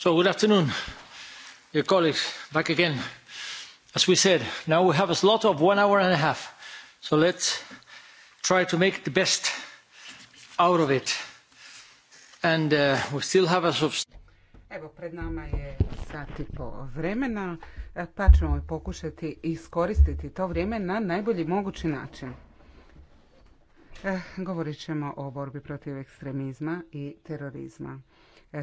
So good afternoon, dear colleagues, back again. As we said, now we have a slot of one hour and a half, so let's try to make the best out of it. And uh, we still have a Evo, pred nama je sat i po vremena, e, pa ćemo pokušati iskoristiti to vrijeme na najbolji mogući način. E, govorit ćemo o borbi protiv ekstremizma i terorizma.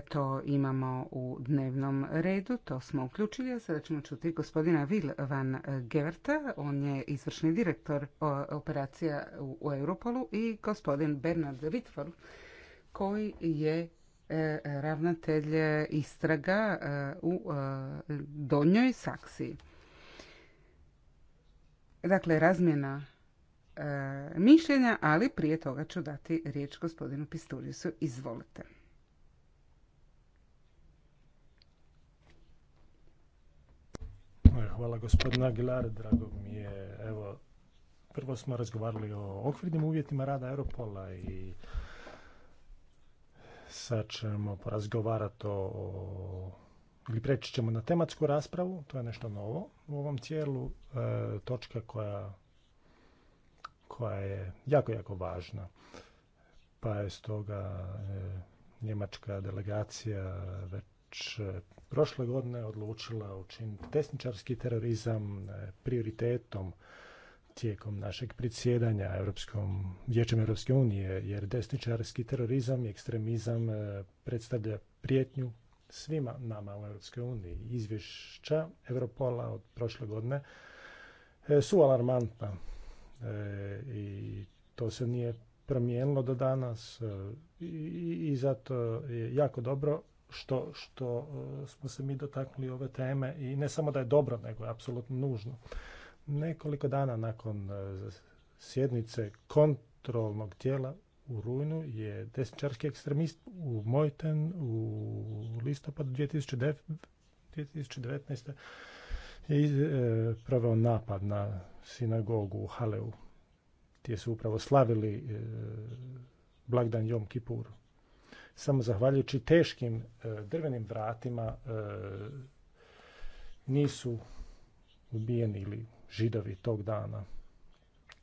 To imamo u dnevnom redu, to smo uključili, sada ćemo čuti gospodina Vil van Geverta, on je izvršni direktor operacija u Europolu i gospodin Bernard Whitford, koji je e, ravnatelj istraga e, u e, Donjoj Saksiji. Dakle, razmjena mišljenja, ali prije toga ću dati riječ gospodinu Pistoriusu. Izvolite. Hvala gospodina Aguilar, drago mi je. Evo, prvo smo razgovarali o okvirnim uvjetima rada Europola i sad ćemo porazgovarati o ili preći ćemo na tematsku raspravu, to je nešto novo u ovom cijelu, e, točka koja, koja je jako, jako važna. Pa je stoga e, njemačka delegacija već prošle godine odlučila učiniti desničarski terorizam e, prioritetom tijekom našeg predsjedanja Europskom, Vijećem Europske unije, jer desničarski terorizam i ekstremizam e, predstavlja prijetnju svima nama u Europskoj uniji. Izvješća Europola od prošle godine e, su alarmantna i to se nije promijenilo do danas i zato je jako dobro što, što e, smo se mi dotaknuli ove teme i ne samo da je dobro, nego je apsolutno nužno. Nekoliko dana nakon e, sjednice kontrolnog tijela u rujnu je desničarski ekstremist u Mojten u listopadu 2019. je e, proveo napad na sinagogu u Haleu gdje su upravo slavili blagdan Jom Kipuru. Samo zahvaljujući teškim e, drvenim vratima e, nisu ubijeni ili židovi tog dana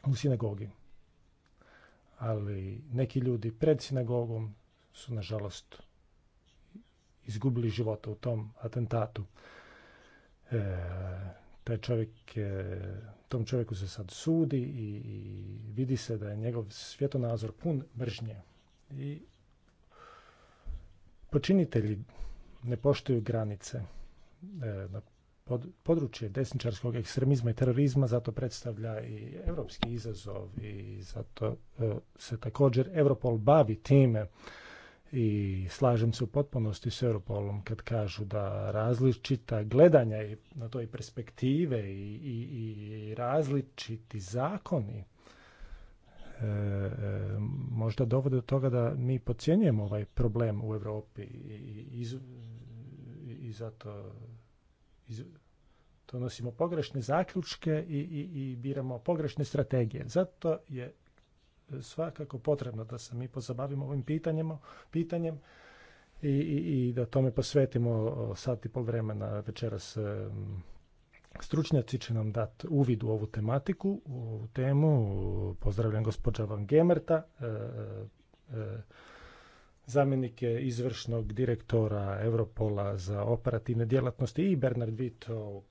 u sinagogi. Ali neki ljudi pred sinagogom su nažalost izgubili života u tom atentatu. E, taj čovjek, tom čovjeku se sad sudi i, i vidi se da je njegov svjetonazor pun mržnje. I Počinitelji ne poštuju granice. E, na područje desničarskog ekstremizma i terorizma zato predstavlja i europski izazov i zato e, se također Europol bavi time i slažem se u potpunosti s Europolom kad kažu da različita gledanja i na toj perspektive i, i, i različiti zakoni E, e, možda dovode do toga da mi podcjenjujemo ovaj problem u Europi i, i zato iz, donosimo pogrešne zaključke i, i, i biramo pogrešne strategije. Zato je svakako potrebno da se mi pozabavimo ovim pitanjem i, i da tome posvetimo sat i pol vremena večeras Stručnjaci će nam dati uvid u ovu tematiku, u ovu temu. Pozdravljam gospođa Van Gemerta, e, e, e, zamjenik izvršnog direktora Europola za operativne djelatnosti i Bernard Vito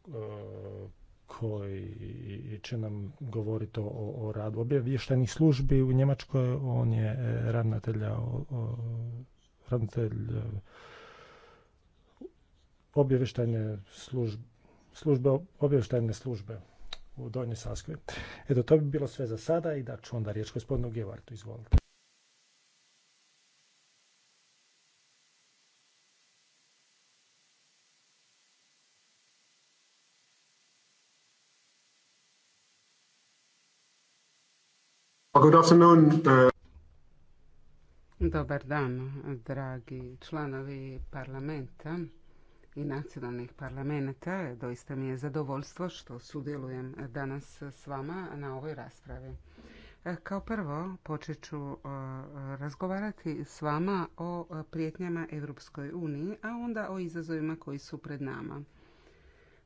koji će nam govoriti o, radu obavještajnih službi u Njemačkoj. On je ravnatelja, ravnatelj službi službe službe, obještajne službe u Donjoj Saskoj. Eto, to bi bilo sve za sada i da ću onda riječ gospodinu Gevartu. Izvolite. Pa uh, Dobar dan, dragi članovi parlamenta i nacionalnih parlamenta. Doista mi je zadovoljstvo što sudjelujem danas s vama na ovoj raspravi. Kao prvo počet ću e, razgovarati s vama o prijetnjama Europskoj uniji, a onda o izazovima koji su pred nama.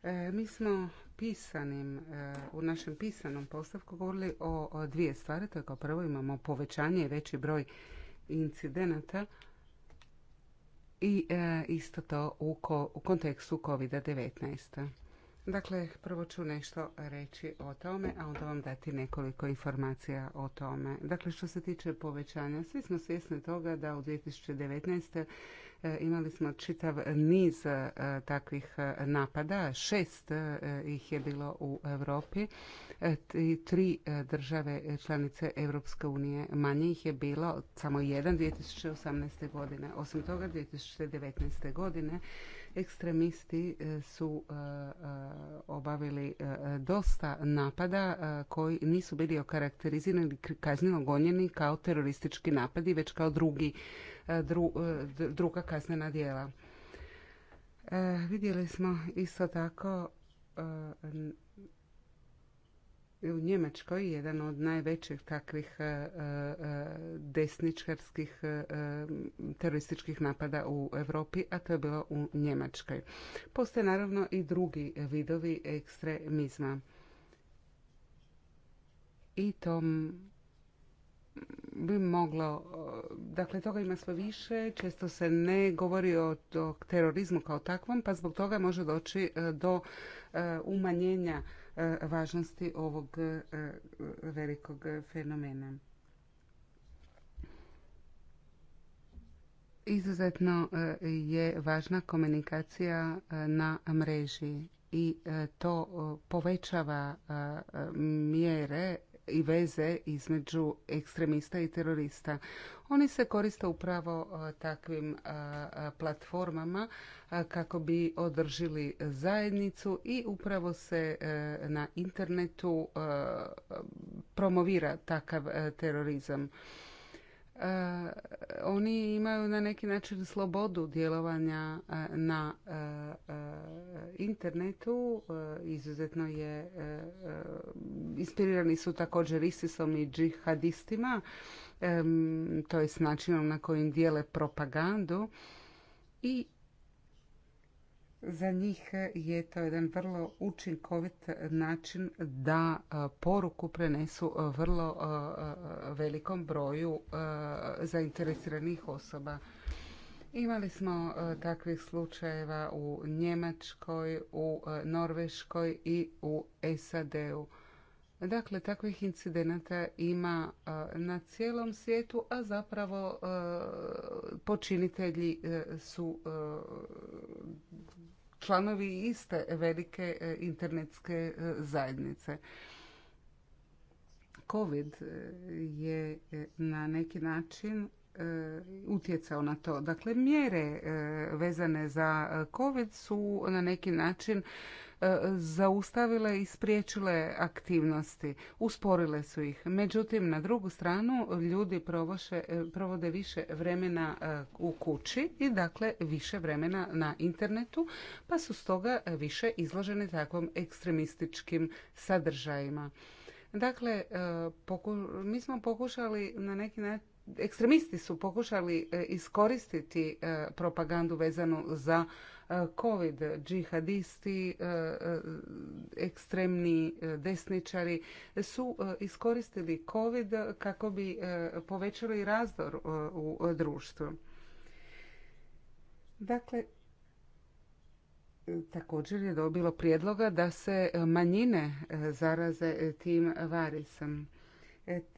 E, mi smo pisanim, e, u našem pisanom postavku govorili o dvije stvari. To je kao prvo imamo povećanje i veći broj incidenata, i e, isto to u kontekstu COVID-19. Dakle, prvo ću nešto reći o tome, a onda vam dati nekoliko informacija o tome. Dakle, što se tiče povećanja, svi smo svjesni toga da u 2019. E, imali smo čitav niz e, takvih e, napada. Šest ih je bilo u Europi. Tri države članice Europske unije manje ih je bilo. Samo jedan 2018. godine. Osim toga 2019. godine ekstremisti su obavili dosta napada koji nisu bili okarakterizirani kazneno gonjeni kao teroristički napadi, već kao drugi druga kaznena djela. E, vidjeli smo isto tako e, u Njemačkoj jedan od najvećih takvih e, desničarskih terorističkih napada u Europi, a to je bilo u Njemačkoj. Postoje naravno i drugi vidovi ekstremizma. I tom bi moglo, eh, dakle toga ima sve više, često se ne govori o terorizmu kao takvom, pa zbog toga može doći eh, do eh, umanjenja važnosti ovog velikog fenomena. Izuzetno je važna komunikacija na mreži i to povećava mjere i veze između ekstremista i terorista. Oni se koriste upravo e, takvim e, e, platformama kako bi održili zajednicu i upravo se na internetu promovira takav terorizam. E, oni imaju na neki način slobodu djelovanja e, na e, internetu. Izuzetno je inspirirani su također ISISom i džihadistima, to je s načinom na kojim dijele propagandu i za njih je to jedan vrlo učinkovit način da poruku prenesu vrlo velikom broju zainteresiranih osoba. Imali smo takvih slučajeva u Njemačkoj, u Norveškoj i u SAD-u. Dakle, takvih incidenata ima na cijelom svijetu, a zapravo počinitelji e, su e, članovi iste velike e, internetske zajednice. Covid je na neki način utjecao na to. Dakle, mjere vezane za COVID su na neki način E, zaustavile i spriječile aktivnosti, usporile su ih. Međutim, na drugu stranu ljudi e, provode više vremena e, u kući i dakle više vremena na internetu, pa su stoga više izložene takvim ekstremističkim sadržajima. Dakle, mi smo pokušali na neki način ekstremisti su pokušali iskoristiti propagandu vezanu za covid džihadisti, e, e, ekstremni e, desničari su iskoristili covid kako bi povećali razdor u društvu. Dakle, također je dobilo prijedloga da se manjine zaraze tim varisom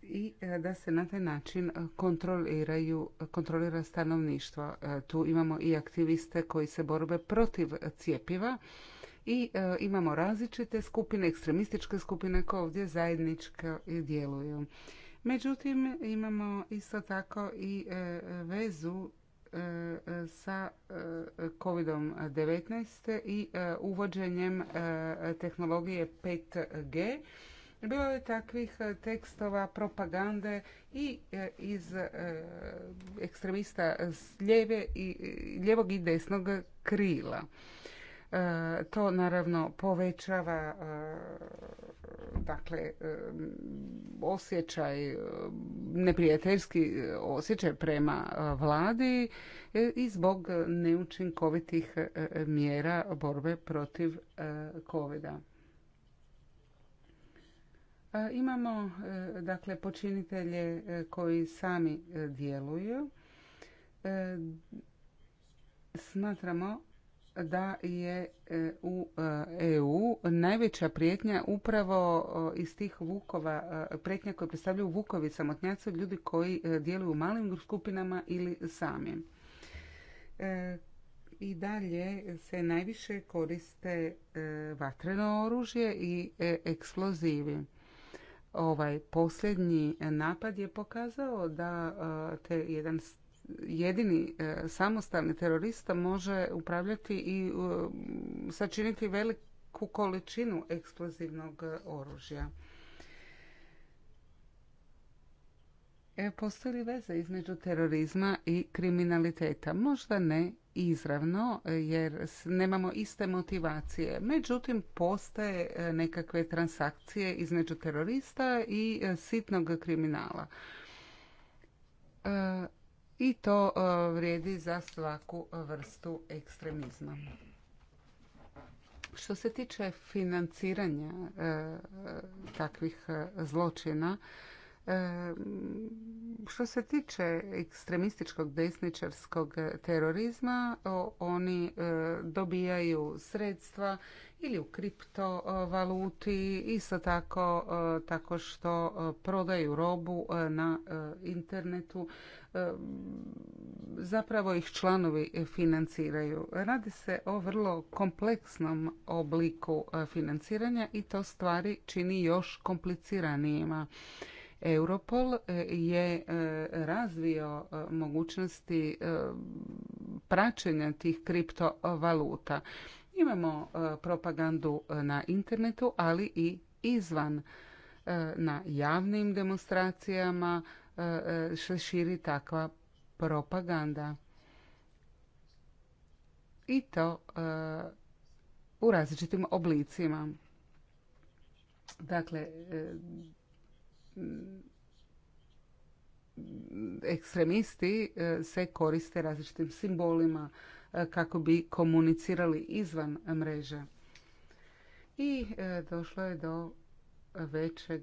i e, da se na taj način e, kontroliraju, kontrolira stanovništvo. E, tu imamo i aktiviste koji se borbe protiv cijepiva i imamo različite skupine, ekstremističke skupine koje ovdje zajednički djeluju. Međutim, imamo isto tako i vezu sa COVID-19 i uvođenjem tehnologije 5G bilo je takvih e, tekstova propagande i e, iz e, ekstremista s lijeve i ljevog i desnog krila. To naravno povećava dakle osjećaj neprijateljski osjećaj prema vladi i zbog neučinkovitih mjera borbe protiv covida. E, imamo e, dakle počinitelje e, koji sami djeluju. Smatramo da je u EU najveća prijetnja upravo iz tih vukova, prijetnja koje predstavljaju vukovi samotnjaci, ljudi koji djeluju u malim skupinama ili sami. I dalje se najviše koriste vatreno oružje i eksplozivi Ovaj posljednji napad je pokazao da te jedan jedini e, samostalni terorista može upravljati i sačiniti veliku količinu eksplozivnog e, oružja. E, Postoji li veza između terorizma i kriminaliteta? Možda ne izravno e, jer nemamo iste motivacije. Međutim, postoje e, nekakve transakcije između terorista i e, sitnog kriminala. I to vrijedi za svaku vrstu ekstremizma. Što se tiče financiranja takvih zločina, što se tiče ekstremističkog desničarskog terorizma, oni e, dobijaju sredstva ili u kriptovaluti, isto tako e, tako što e, prodaju robu na internetu. Zapravo ih članovi financiraju. Radi se o vrlo kompleksnom obliku financiranja i to stvari čini još kompliciranijima. Europol e, je e, razvio e, mogućnosti praćenja tih kriptovaluta. Imamo propagandu na internetu, ali i izvan na javnim demonstracijama se širi takva propaganda. I to u različitim oblicima. Dakle, ekstremisti e, se koriste različitim simbolima e, kako bi komunicirali izvan mreže. I e, došlo je do većeg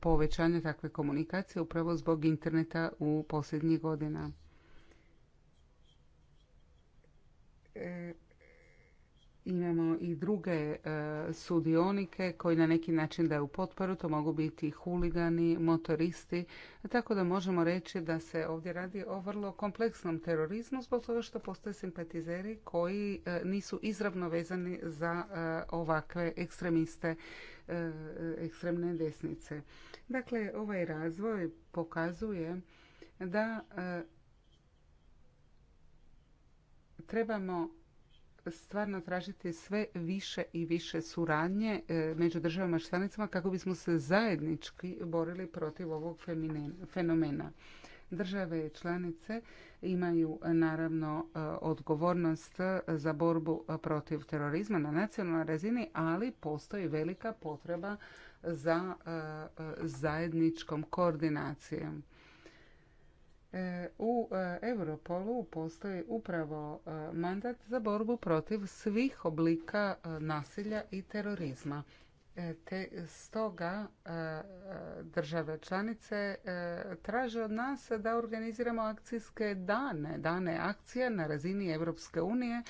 povećanja takve komunikacije upravo zbog interneta u posljednjih godina imamo i druge e, sudionike koji na neki način daju potporu. To mogu biti huligani, motoristi. Tako da možemo reći da se ovdje radi o vrlo kompleksnom terorizmu zbog toga što postoje simpatizeri koji e, nisu izravno vezani za e, ovakve ekstremiste ekstremne desnice. Dakle, ovaj razvoj pokazuje da trebamo stvarno tražiti sve više i više suradnje e, među državama članicama kako bismo se zajednički borili protiv ovog fenomena. Države članice imaju naravno e, odgovornost za borbu protiv terorizma na nacionalnoj razini, ali postoji velika potreba za e, zajedničkom koordinacijom. E, u e, Europolu postoji upravo e, mandat za borbu protiv svih oblika nasilja i terorizma. Te stoga države članice traže od nas da organiziramo akcijske dane, dane akcije na razini Europske unije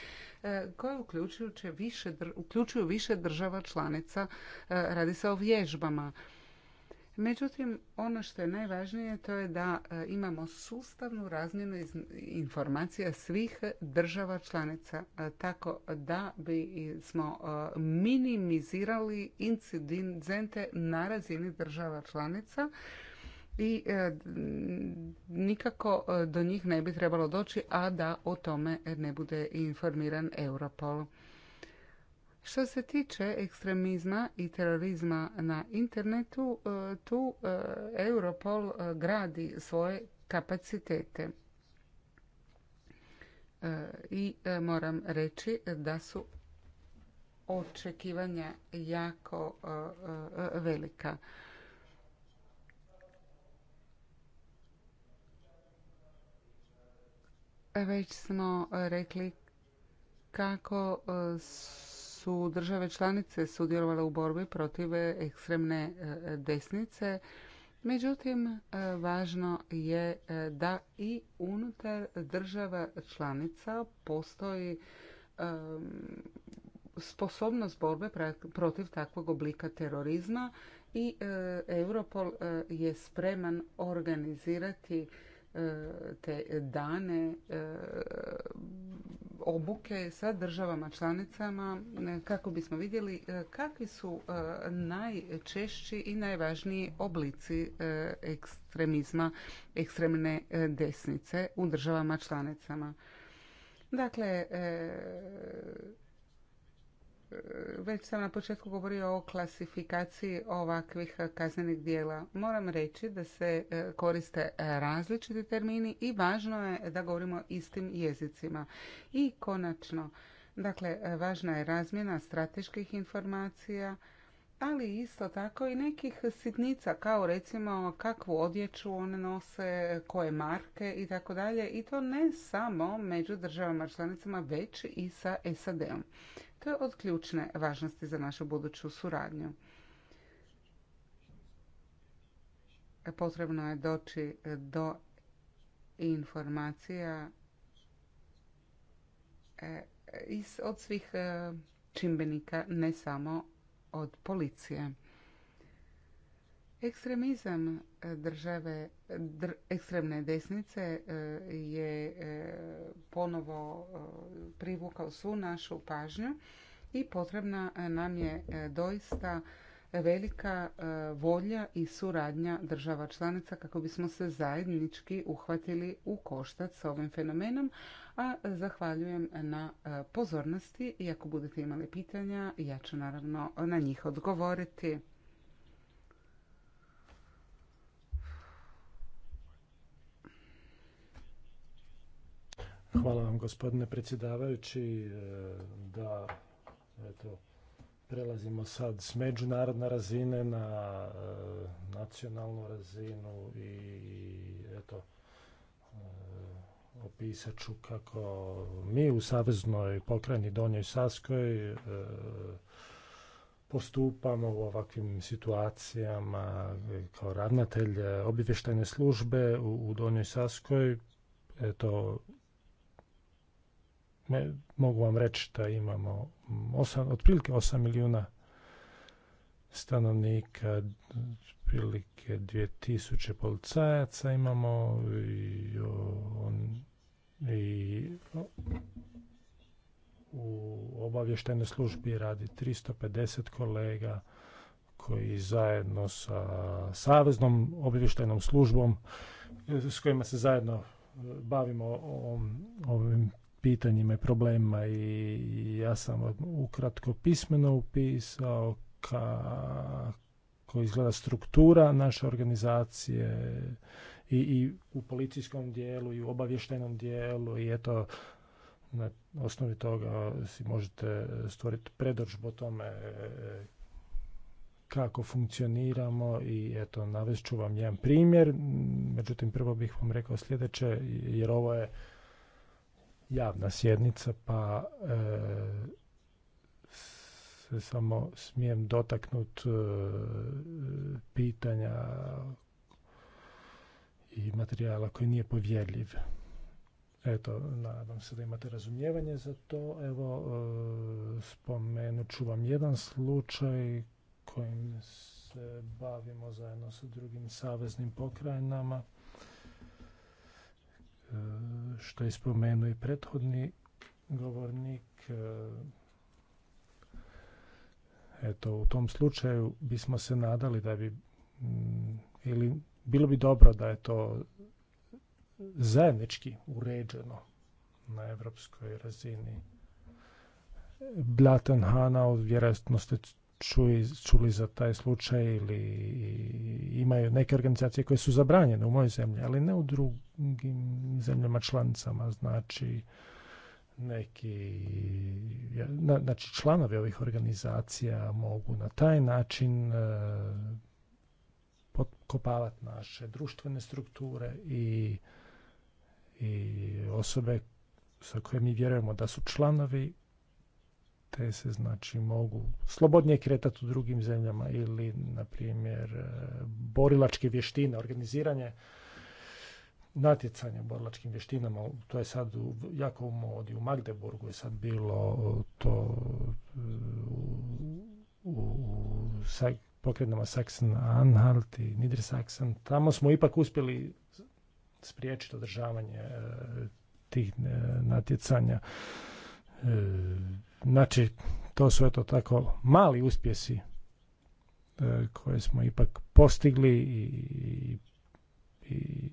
koje uključuju više, uključuju više država članica. Radi se o vježbama Međutim, ono što je najvažnije to je da e, imamo sustavnu razmjenu informacija svih država članica, e, tako da bi smo e, minimizirali incidente na razini država članica i nikako do njih ne bi trebalo doći, a da o tome ne bude informiran Europol. Što se tiče ekstremizma i terorizma na internetu, e, tu e, Europol e, gradi svoje kapacitete. I moram reći da su očekivanja jako velika. Već smo rekli kako su države članice sudjelovale u borbi protiv e, ekstremne e, desnice. Međutim, e, važno je da i unutar država članica postoji sposobnost borbe protiv takvog oblika terorizma i Europol je spreman organizirati te dane obuke sa državama članicama e, kako bismo vidjeli e, kakvi su e, najčešći i najvažniji oblici ekstremizma, ekstremne desnice u državama članicama. Dakle, već sam na početku govorio o klasifikaciji ovakvih kaznenih dijela. Moram reći da se e, koriste različiti termini i važno je da govorimo istim jezicima. I konačno, dakle, važna je razmjena strateških informacija, ali isto tako i nekih sitnica kao recimo kakvu odjeću one nose, koje marke i tako dalje i to ne samo među državama članicama već i sa SAD-om. To je od ključne važnosti za našu buduću suradnju. Potrebno je doći do informacija e, od svih e, čimbenika, ne samo od policije. Ekstremizam e, države, ekstremne desnice e, je e, ponovo privukao svu našu pažnju i potrebna nam je doista velika volja i suradnja država članica kako bismo se zajednički uhvatili u koštac s ovim fenomenom, a zahvaljujem na pozornosti i ako budete imali pitanja, ja ću naravno na njih odgovoriti. Hvala vam gospodine predsjedavajući e, da eto, prelazimo sad s međunarodne razine na e, nacionalnu razinu i eto e, opisat ću kako mi u Saveznoj pokrajini Donjoj Saskoj postupamo u ovakvim situacijama kao ravnatelj obavještajne službe u Donjoj Saskoj. Eto, mogu vam reći da imamo osam, otprilike 8 milijuna stanovnika, otprilike 2000 policajaca imamo i, on, i u obavještajnoj službi radi 350 kolega koji zajedno sa Saveznom obavještajnom službom s kojima se zajedno e, bavimo ovim pitanjima i problemima i ja sam ukratko pismeno upisao kako izgleda struktura naše organizacije i, i u policijskom dijelu i u obavještajnom dijelu i eto na osnovi toga si možete stvoriti predođbu o tome e, kako funkcioniramo i eto navest ću vam jedan primjer međutim prvo bih vam rekao sljedeće jer ovo je javna sjednica pa e, se samo smijem dotaknut e, pitanja i materijala koji nije povjerljiv. Eto, nadam se da imate razumijevanje za to. Evo, e, spomenut ću vam jedan slučaj kojim se bavimo zajedno sa drugim saveznim pokrajinama što je spomenuo i prethodni govornik. E, eto, u tom slučaju bismo se nadali da bi, mm, ili bilo bi dobro da je to zajednički uređeno na evropskoj razini. Blatenhana vjerojatno ste čuli, čuli za taj slučaj ili imaju neke organizacije koje su zabranjene u mojoj zemlji, ali ne u drugim zemljama članicama. Znači, neki, znači članovi ovih organizacija mogu na taj način e, potkopavati naše društvene strukture i, i osobe sa koje mi vjerujemo da su članovi te se znači mogu slobodnije kretati u drugim zemljama ili na primjer e, borilačke vještine, organiziranje natjecanja borilačkim vještinama, to je sad u, jako u modi, u Magdeburgu je sad bilo e, to e, u, u, Saxon-Anhalt i Niedersachsen, tamo smo ipak uspjeli spriječiti održavanje tih natjecanja. Znači, to su eto tako mali uspjesi e, koje smo ipak postigli i, i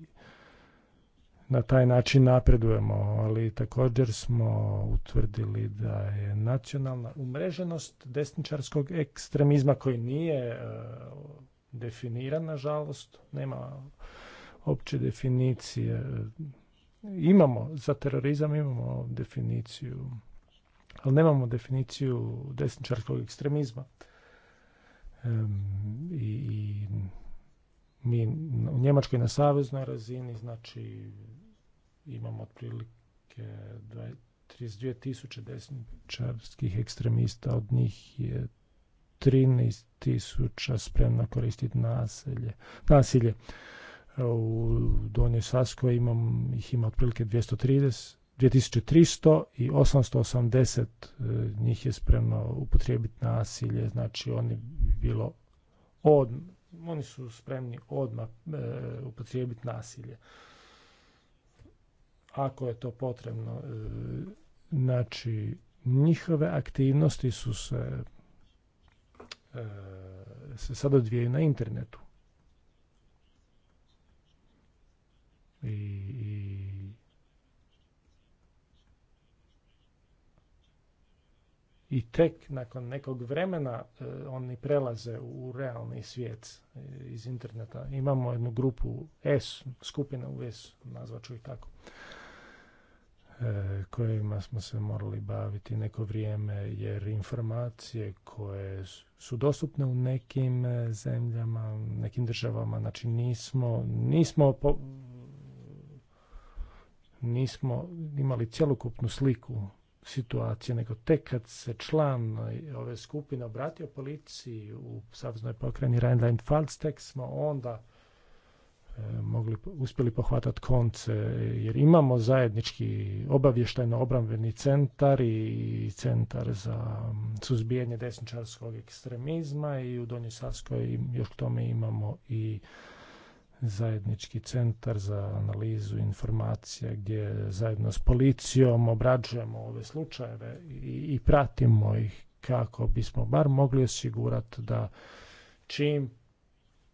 na taj način napredujemo, ali također smo utvrdili da je nacionalna umreženost desničarskog ekstremizma koji nije e, definiran, nažalost, nema opće definicije. E, imamo, za terorizam imamo definiciju ali nemamo definiciju desničarskog ekstremizma. i, mi u Njemačkoj na saveznoj razini, znači imamo otprilike 32 tisuće desničarskih ekstremista, od njih je 13 tisuća spremna koristiti nasilje. nasilje. U Donjoj Saskoj imam, ih ima otprilike 230 2300 i 880 e, njih je spremno upotrijebiti nasilje, znači oni bilo od, oni su spremni odmah e, upotrijebiti nasilje. Ako je to potrebno, e, znači njihove aktivnosti su se, e, se odvijaju na internetu. I i tek nakon nekog vremena e, oni prelaze u realni svijet e, iz interneta. Imamo jednu grupu S, skupina u S, nazvat ću ih tako, e, kojima smo se morali baviti neko vrijeme jer informacije koje su dostupne u nekim e, zemljama, nekim državama, znači nismo, nismo nismo imali cjelokupnu sliku situacije, nego tek kad se član e, ove skupine obratio policiji u savznoj pokrajini Rheinland-Pfalz, tek smo onda e, mogli, uspjeli pohvatati konce, jer imamo zajednički obavještajno obrambeni centar i centar za suzbijanje desničarskog ekstremizma i u Donjoj Savskoj još k tome imamo i zajednički centar za analizu informacija gdje zajedno s policijom obrađujemo ove slučajeve i, i pratimo ih kako bismo bar mogli osigurati da čim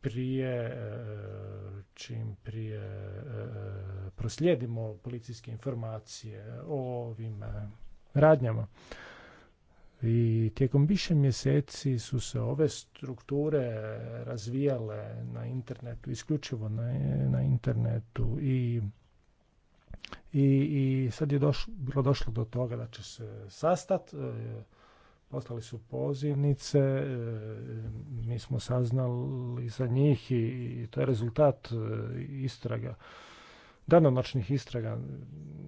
prije, e, čim prije e, proslijedimo policijske informacije o ovim e, radnjama. I tijekom više mjeseci su se ove strukture razvijale na internetu, isključivo na, internetu i i, i sad je doš, bilo došlo do toga da će se sastat, e, poslali su pozivnice, e, mi smo saznali za njih i, to je rezultat e, istraga, danonoćnih istraga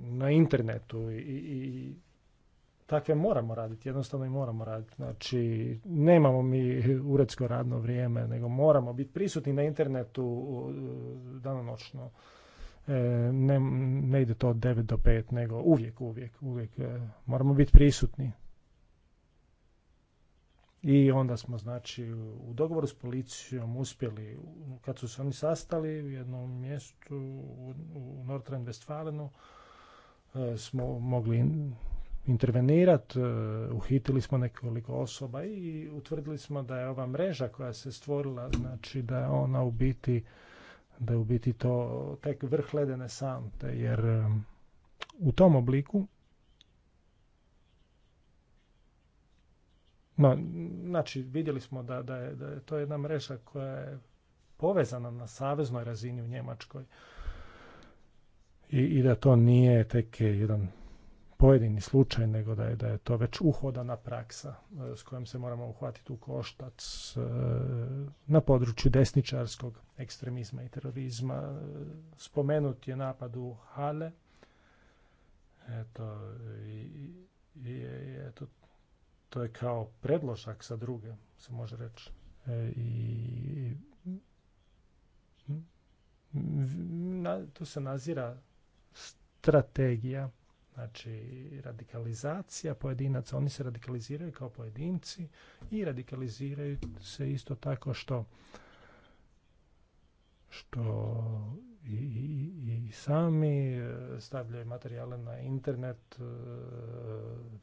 na internetu i, i takve moramo raditi, jednostavno i moramo raditi. Znači, nemamo mi uredsko radno vrijeme, nego moramo biti prisutni na internetu danonoćno. E, ne, ne ide to od 9 do 5, nego uvijek, uvijek, uvijek e, moramo biti prisutni. I onda smo, znači, u dogovoru s policijom uspjeli, kad su se oni sastali u jednom mjestu u Nordrhein-Westfalenu, e, smo mogli intervenirati. E, uhitili smo nekoliko osoba i utvrdili smo da je ova mreža koja se stvorila, znači da je ona u biti da je u biti to tek vrh ledene sante, jer e, u tom obliku No, znači, vidjeli smo da, da, je, da je to jedna mreža koja je povezana na saveznoj razini u Njemačkoj i, i da to nije tek jedan pojedini slučaj, nego da je, da je to već uhodana praksa e, s kojom se moramo uhvatiti u koštac e, na području desničarskog ekstremizma i terorizma. E, spomenut je napad u Hale. Eto, i, i, to je kao predložak sa druge, se može reći. I na, to se nazira strategija Znači, radikalizacija pojedinaca, oni se radikaliziraju kao pojedinci i radikaliziraju se isto tako što što i, sami e, stavljaju materijale na internet, e,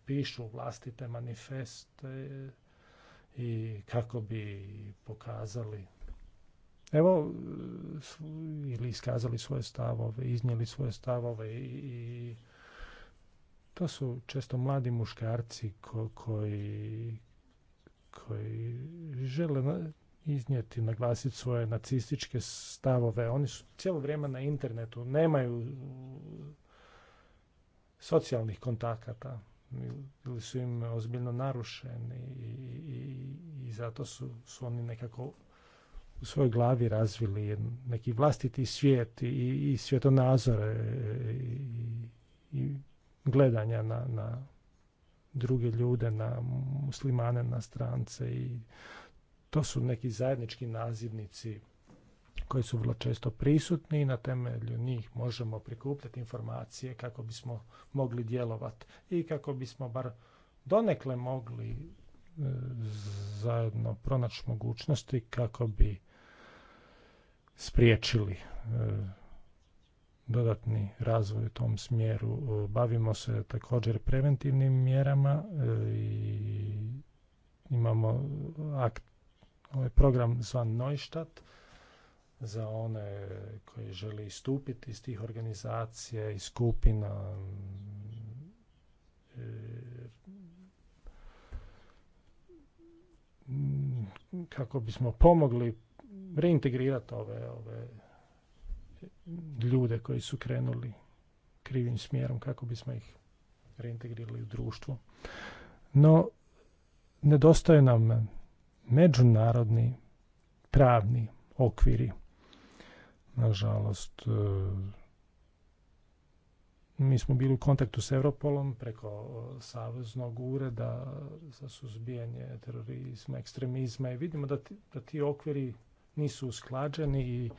pišu vlastite manifeste e, i kako bi pokazali evo ili iskazali svoje stavove, iznijeli svoje stavove i to su često mladi muškarci koji, koji žele iznijeti, naglasiti svoje nacističke stavove. Oni su cijelo vrijeme na internetu, nemaju socijalnih kontakata ili su im ozbiljno narušeni i, i, zato su, su oni nekako u svojoj glavi razvili neki vlastiti svijet i, i svjetonazore i gledanja na, na druge ljude, na muslimane, na strance i to su neki zajednički nazivnici koji su vrlo često prisutni i na temelju njih možemo prikupljati informacije kako bismo mogli djelovati i kako bismo bar donekle mogli e, zajedno pronaći mogućnosti kako bi spriječili e, dodatni razvoj u tom smjeru. E, bavimo se također preventivnim mjerama e, i imamo e, akt, ovaj program zvan Neustadt za one koji želi istupiti iz tih organizacija i skupina kako bismo pomogli reintegrirati ove, ove ljude koji su krenuli krivim smjerom kako bismo ih reintegrirali u društvo. No, nedostaje nam međunarodni pravni okviri. Nažalost, e, mi smo bili u kontaktu s Europolom preko e, Saveznog ureda za suzbijanje terorizma, ekstremizma i vidimo da ti, da ti okviri nisu usklađeni i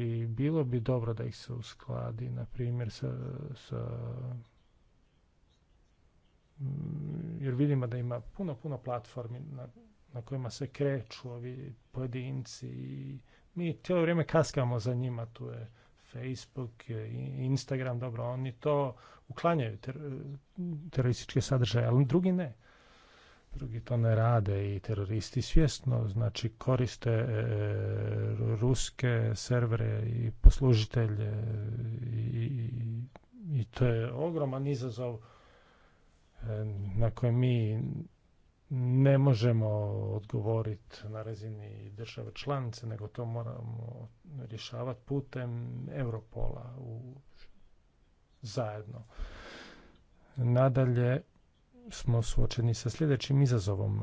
i bilo bi dobro da ih se uskladi, na primjer, sa, sa mm, jer vidimo da ima puno, puno platformi na, kojima se kreću ovi pojedinci i mi cijelo vrijeme kaskamo za njima, tu je Facebook, Instagram, dobro, oni to uklanjaju terorističke sadržaje, ali drugi ne drugi to ne rade i teroristi svjesno znači koriste e, ruske servere i poslužitelje i, i, to je ogroman izazov e, na kojem mi ne možemo odgovoriti na razini države članice, nego to moramo rješavati putem Europola u, zajedno. Nadalje, smo suočeni sa sljedećim izazovom.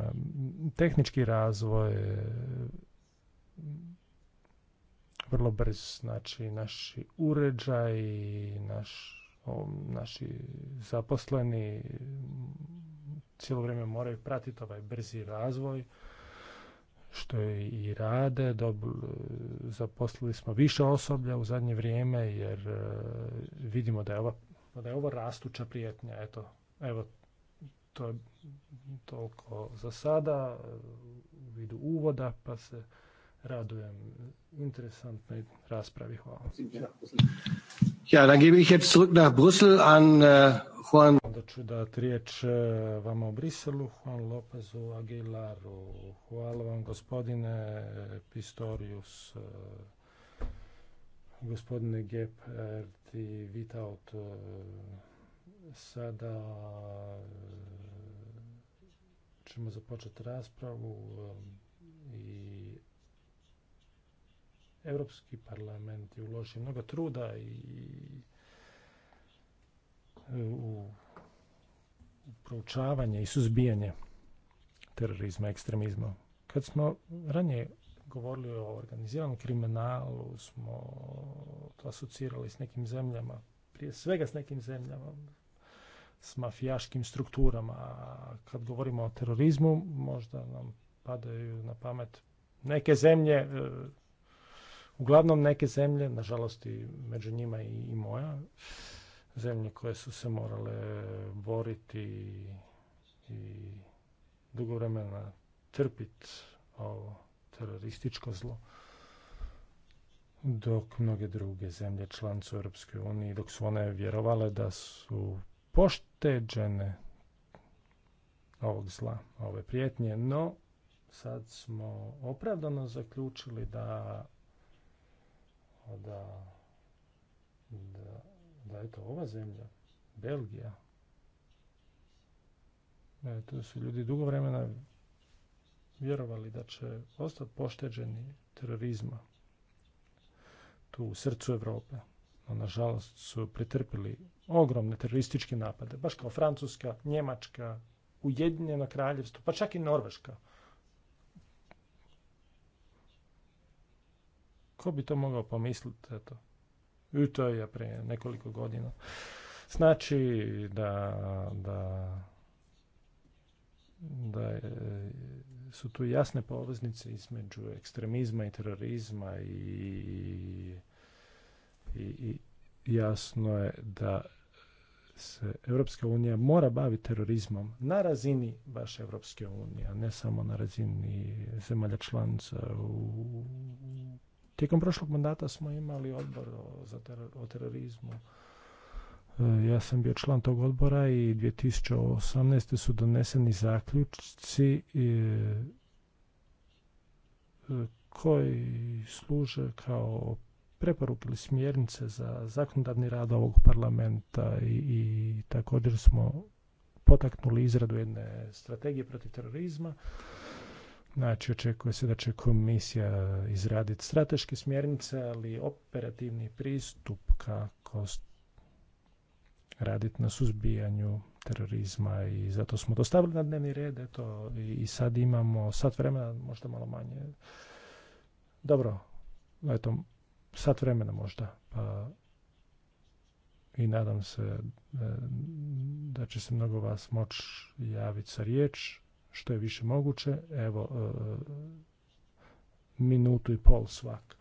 Tehnički razvoj vrlo brz, znači naši uređaj, naš, naši zaposleni cijelo vrijeme moraju pratiti ovaj brzi razvoj što je i rade. zaposlili smo više osoblja u zadnje vrijeme jer e, vidimo da je, ova, da ovo rastuća prijetnja. Eto, evo to je toliko za sada u vidu uvoda, pa se radujem interesantnoj raspravi. Hvala. Ja, da gebe ich jetzt zurück nach Brüssel an äh, Juan. Onda ću dati riječ e, vama u Briselu, Juan Lopezu Aguilaru. Hvala vam gospodine Pistorius, e, gospodine gep i Vitaut. E, sada ćemo započeti raspravu um, i Europski parlament je uložio mnogo truda i e, u proučavanje i suzbijanje terorizma, ekstremizma. Kad smo ranije govorili o organiziranom kriminalu, smo to asocirali s nekim zemljama, prije svega s nekim zemljama, s mafijaškim strukturama. A kad govorimo o terorizmu, možda nam padaju na pamet neke zemlje, e, uglavnom neke zemlje, nažalost i među njima i, moja, zemlje koje su se morale boriti i dugo vremena trpiti ovo terorističko zlo dok mnoge druge zemlje članice Europske unije, dok su one vjerovale da su pošteđene ovog zla, ove prijetnje, no sad smo opravdano zaključili da da da, da to ova zemlja, Belgija, e, tu su ljudi dugo vremena vjerovali da će ostati pošteđeni terorizma tu u srcu Europe. No, nažalost su pretrpili ogromne terorističke napade, baš kao Francuska, Njemačka, Ujedinjeno kraljevstvo, pa čak i Norveška. Ko bi to mogao pomisliti, eto. I to je prije nekoliko godina. Znači da, da, da su tu jasne poveznice između ekstremizma i terorizma i, i, i jasno je da se Europska unija mora baviti terorizmom na razini baš Europske unije, a ne samo na razini zemalja članica. U... Tijekom prošlog mandata smo imali odbor o, za terorizmu. E, ja sam bio član tog odbora i 2018. su doneseni zaključci e, e, koji služe kao preporuke smjernice za zakonodavni rad ovog parlamenta i, i također smo potaknuli izradu jedne strategije protiv terorizma. Znači, očekuje se da će komisija izraditi strateške smjernice, ali operativni pristup kako raditi na suzbijanju terorizma i zato smo dostavili na dnevni red, eto, i sad imamo sat vremena, možda malo manje. Dobro, eto, sat vremena možda. Pa i nadam se e, da će se mnogo vas moći javiti sa riječ, što je više moguće. Evo, e, minutu i pol svak.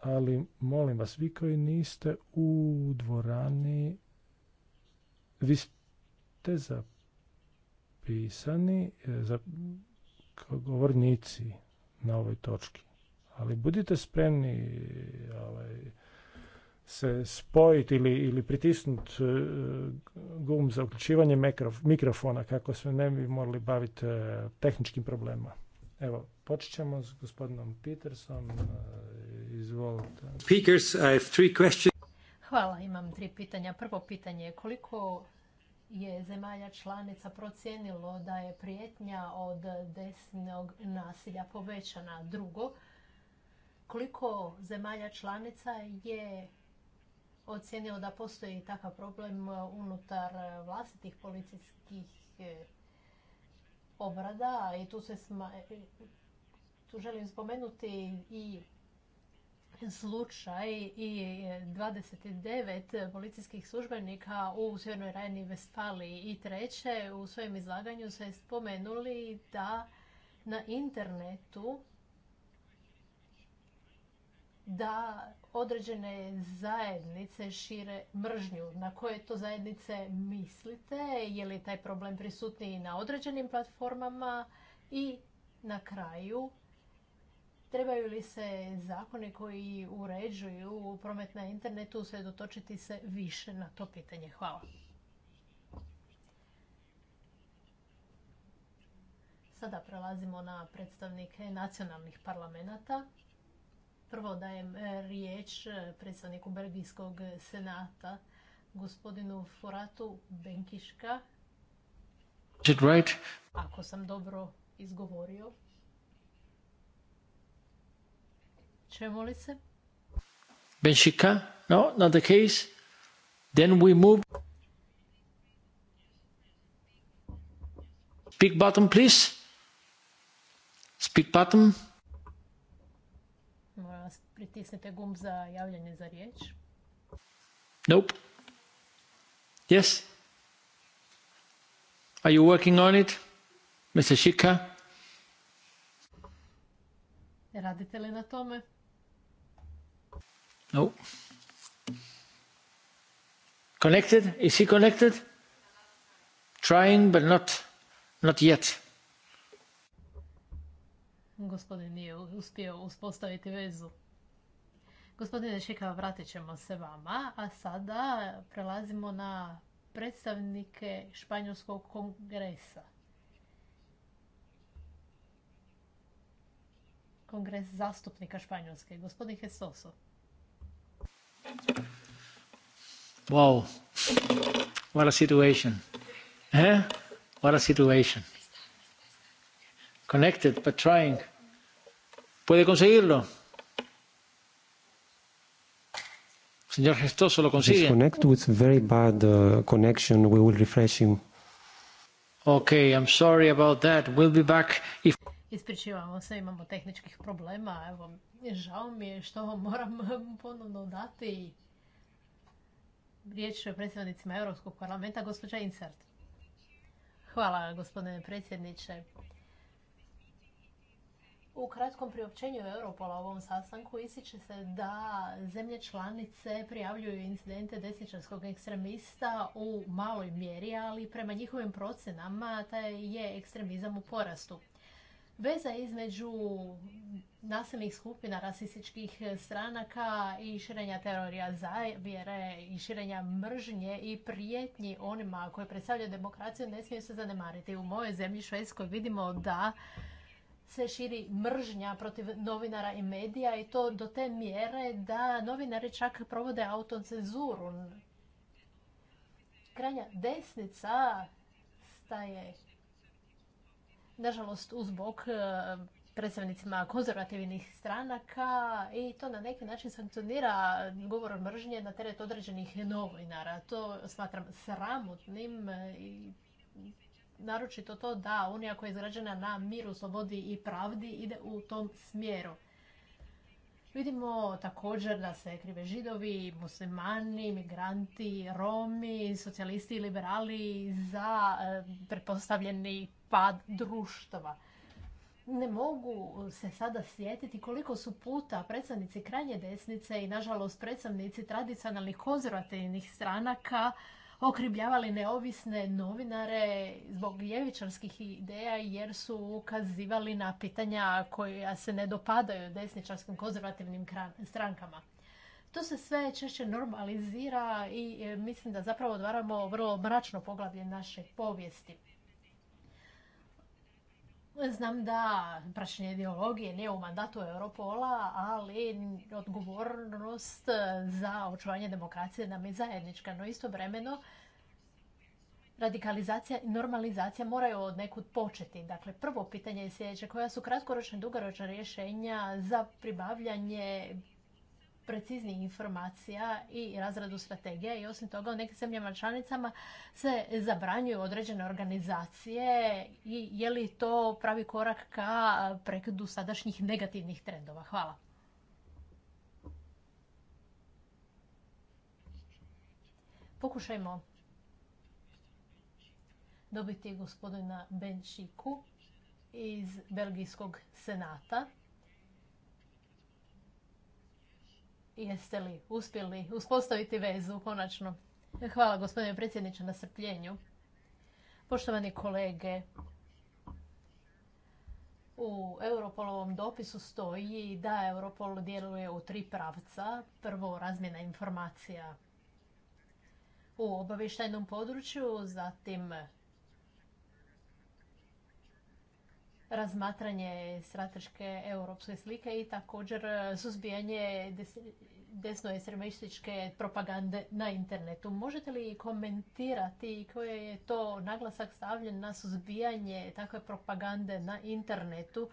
Ali molim vas, vi koji niste u dvorani, vi ste zapisani e, za govornici na ovoj točki ali budite spremni ovaj, se spojiti ili, ili pritisnuti e, gum za uključivanje mikrofona kako se ne bi morali baviti e, tehničkim problemima. Evo, počet ćemo s gospodinom Petersom. E, izvolite. Speakers, I have three questions. Hvala, imam tri pitanja. Prvo pitanje je koliko je zemalja članica procijenilo da je prijetnja od desnog nasilja povećana. Drugo, koliko zemalja članica je ocijenilo da postoji takav problem unutar vlastitih policijskih e, obrada i tu se tu želim spomenuti i slučaj i 29 policijskih službenika u Sjevernoj Rajni Vestfali i treće u svojem izlaganju se spomenuli da na internetu da određene zajednice šire mržnju. Na koje to zajednice mislite? Je li taj problem prisutniji na određenim platformama? I na kraju, trebaju li se zakoni koji uređuju promet na internetu usredotočiti se više na to pitanje? Hvala. Sada prelazimo na predstavnike nacionalnih parlamenta. Prvo dajem e, riječ e, predstavniku Belgijskog senata, gospodinu Foratu Benkiška. Ako sam dobro izgovorio. Čemu li se? Benšika? No, not the case. Then we move. Speak button, please. Speak button. Molim vas, pritisnite gumb za javljanje za riječ. Nope. Yes. Are you working on it, Mr. Shika? Radite li na tome? No. Connected? Is he connected? Trying, but not, not yet. Gospodin nije uspio uspostaviti vezu. Gospodine Šika, vratit ćemo se vama, a sada prelazimo na predstavnike Španjolskog kongresa. Kongres zastupnika Španjolske, gospodin Hesoso. Wow, what a situation. Eh? What a situation. Connected, but trying puede conseguirlo? Señor Gestoso, ¿lo consigue? Disconnect with very bad uh, connection. We will refresh him. Okay, I'm sorry about that. We'll be back if... Ispričavamo se, imamo tehničkih problema. Evo, žao mi je što moram ponovno dati riječ predsjednicima Europskog parlamenta, gospođa Insert. Hvala, gospodine predsjedniče. U kratkom priopćenju Europola ovom sastanku ističe se da zemlje članice prijavljuju incidente desničarskog ekstremista u maloj mjeri, ali prema njihovim procenama taj je ekstremizam u porastu. Veza između nasilnih skupina rasističkih stranaka i širenja terorija zavjere i širenja mržnje i prijetnji onima koji predstavljaju demokraciju ne smije se zanemariti. U mojoj zemlji Švedskoj vidimo da se širi mržnja protiv novinara i medija i to do te mjere da novinari čak provode autocenzuru. Kranja desnica staje, nažalost, uzbog e, predstavnicima konzervativnih stranaka i to na neki način sankcionira govor mržnje na teret određenih novinara. To smatram sramotnim i naročito to da Unija koja je izgrađena na miru, slobodi i pravdi ide u tom smjeru. Vidimo također da se krive židovi, muslimani, migranti, romi, socijalisti i liberali za e, pretpostavljeni pad društva. Ne mogu se sada sjetiti koliko su puta predstavnici krajnje desnice i nažalost predstavnici tradicionalnih konzervativnih stranaka okrivljavali neovisne novinare zbog ljevičarskih ideja jer su ukazivali na pitanja koja se ne dopadaju desničarskim konzervativnim strankama. To se sve češće normalizira i e, mislim da zapravo odvaramo vrlo mračno poglavlje naše povijesti. Znam da praćenje ideologije nije u mandatu Europola, ali odgovornost za očuvanje demokracije nam je zajednička. No istovremeno radikalizacija i normalizacija moraju od nekud početi. Dakle, prvo pitanje je sljedeće. Koja su kratkoročna i dugoročna rješenja za pribavljanje preciznijih informacija i razradu strategija i osim toga u nekim zemljama članicama se zabranjuju određene organizacije i je li to pravi korak ka prekidu sadašnjih negativnih trendova? Hvala. Pokušajmo dobiti gospodina Benčiku iz Belgijskog senata. Jeste li uspjeli uspostaviti vezu konačno? Hvala gospodine predsjedniče na srpljenju. Poštovani kolege, u Europolovom dopisu stoji da Europol djeluje u tri pravca. Prvo, razmjena informacija u obavještajnom području, zatim razmatranje strateške europske slike i također e, suzbijanje desnoestremističke propagande na internetu. Možete li komentirati koji je to naglasak stavljen na suzbijanje takve propagande na internetu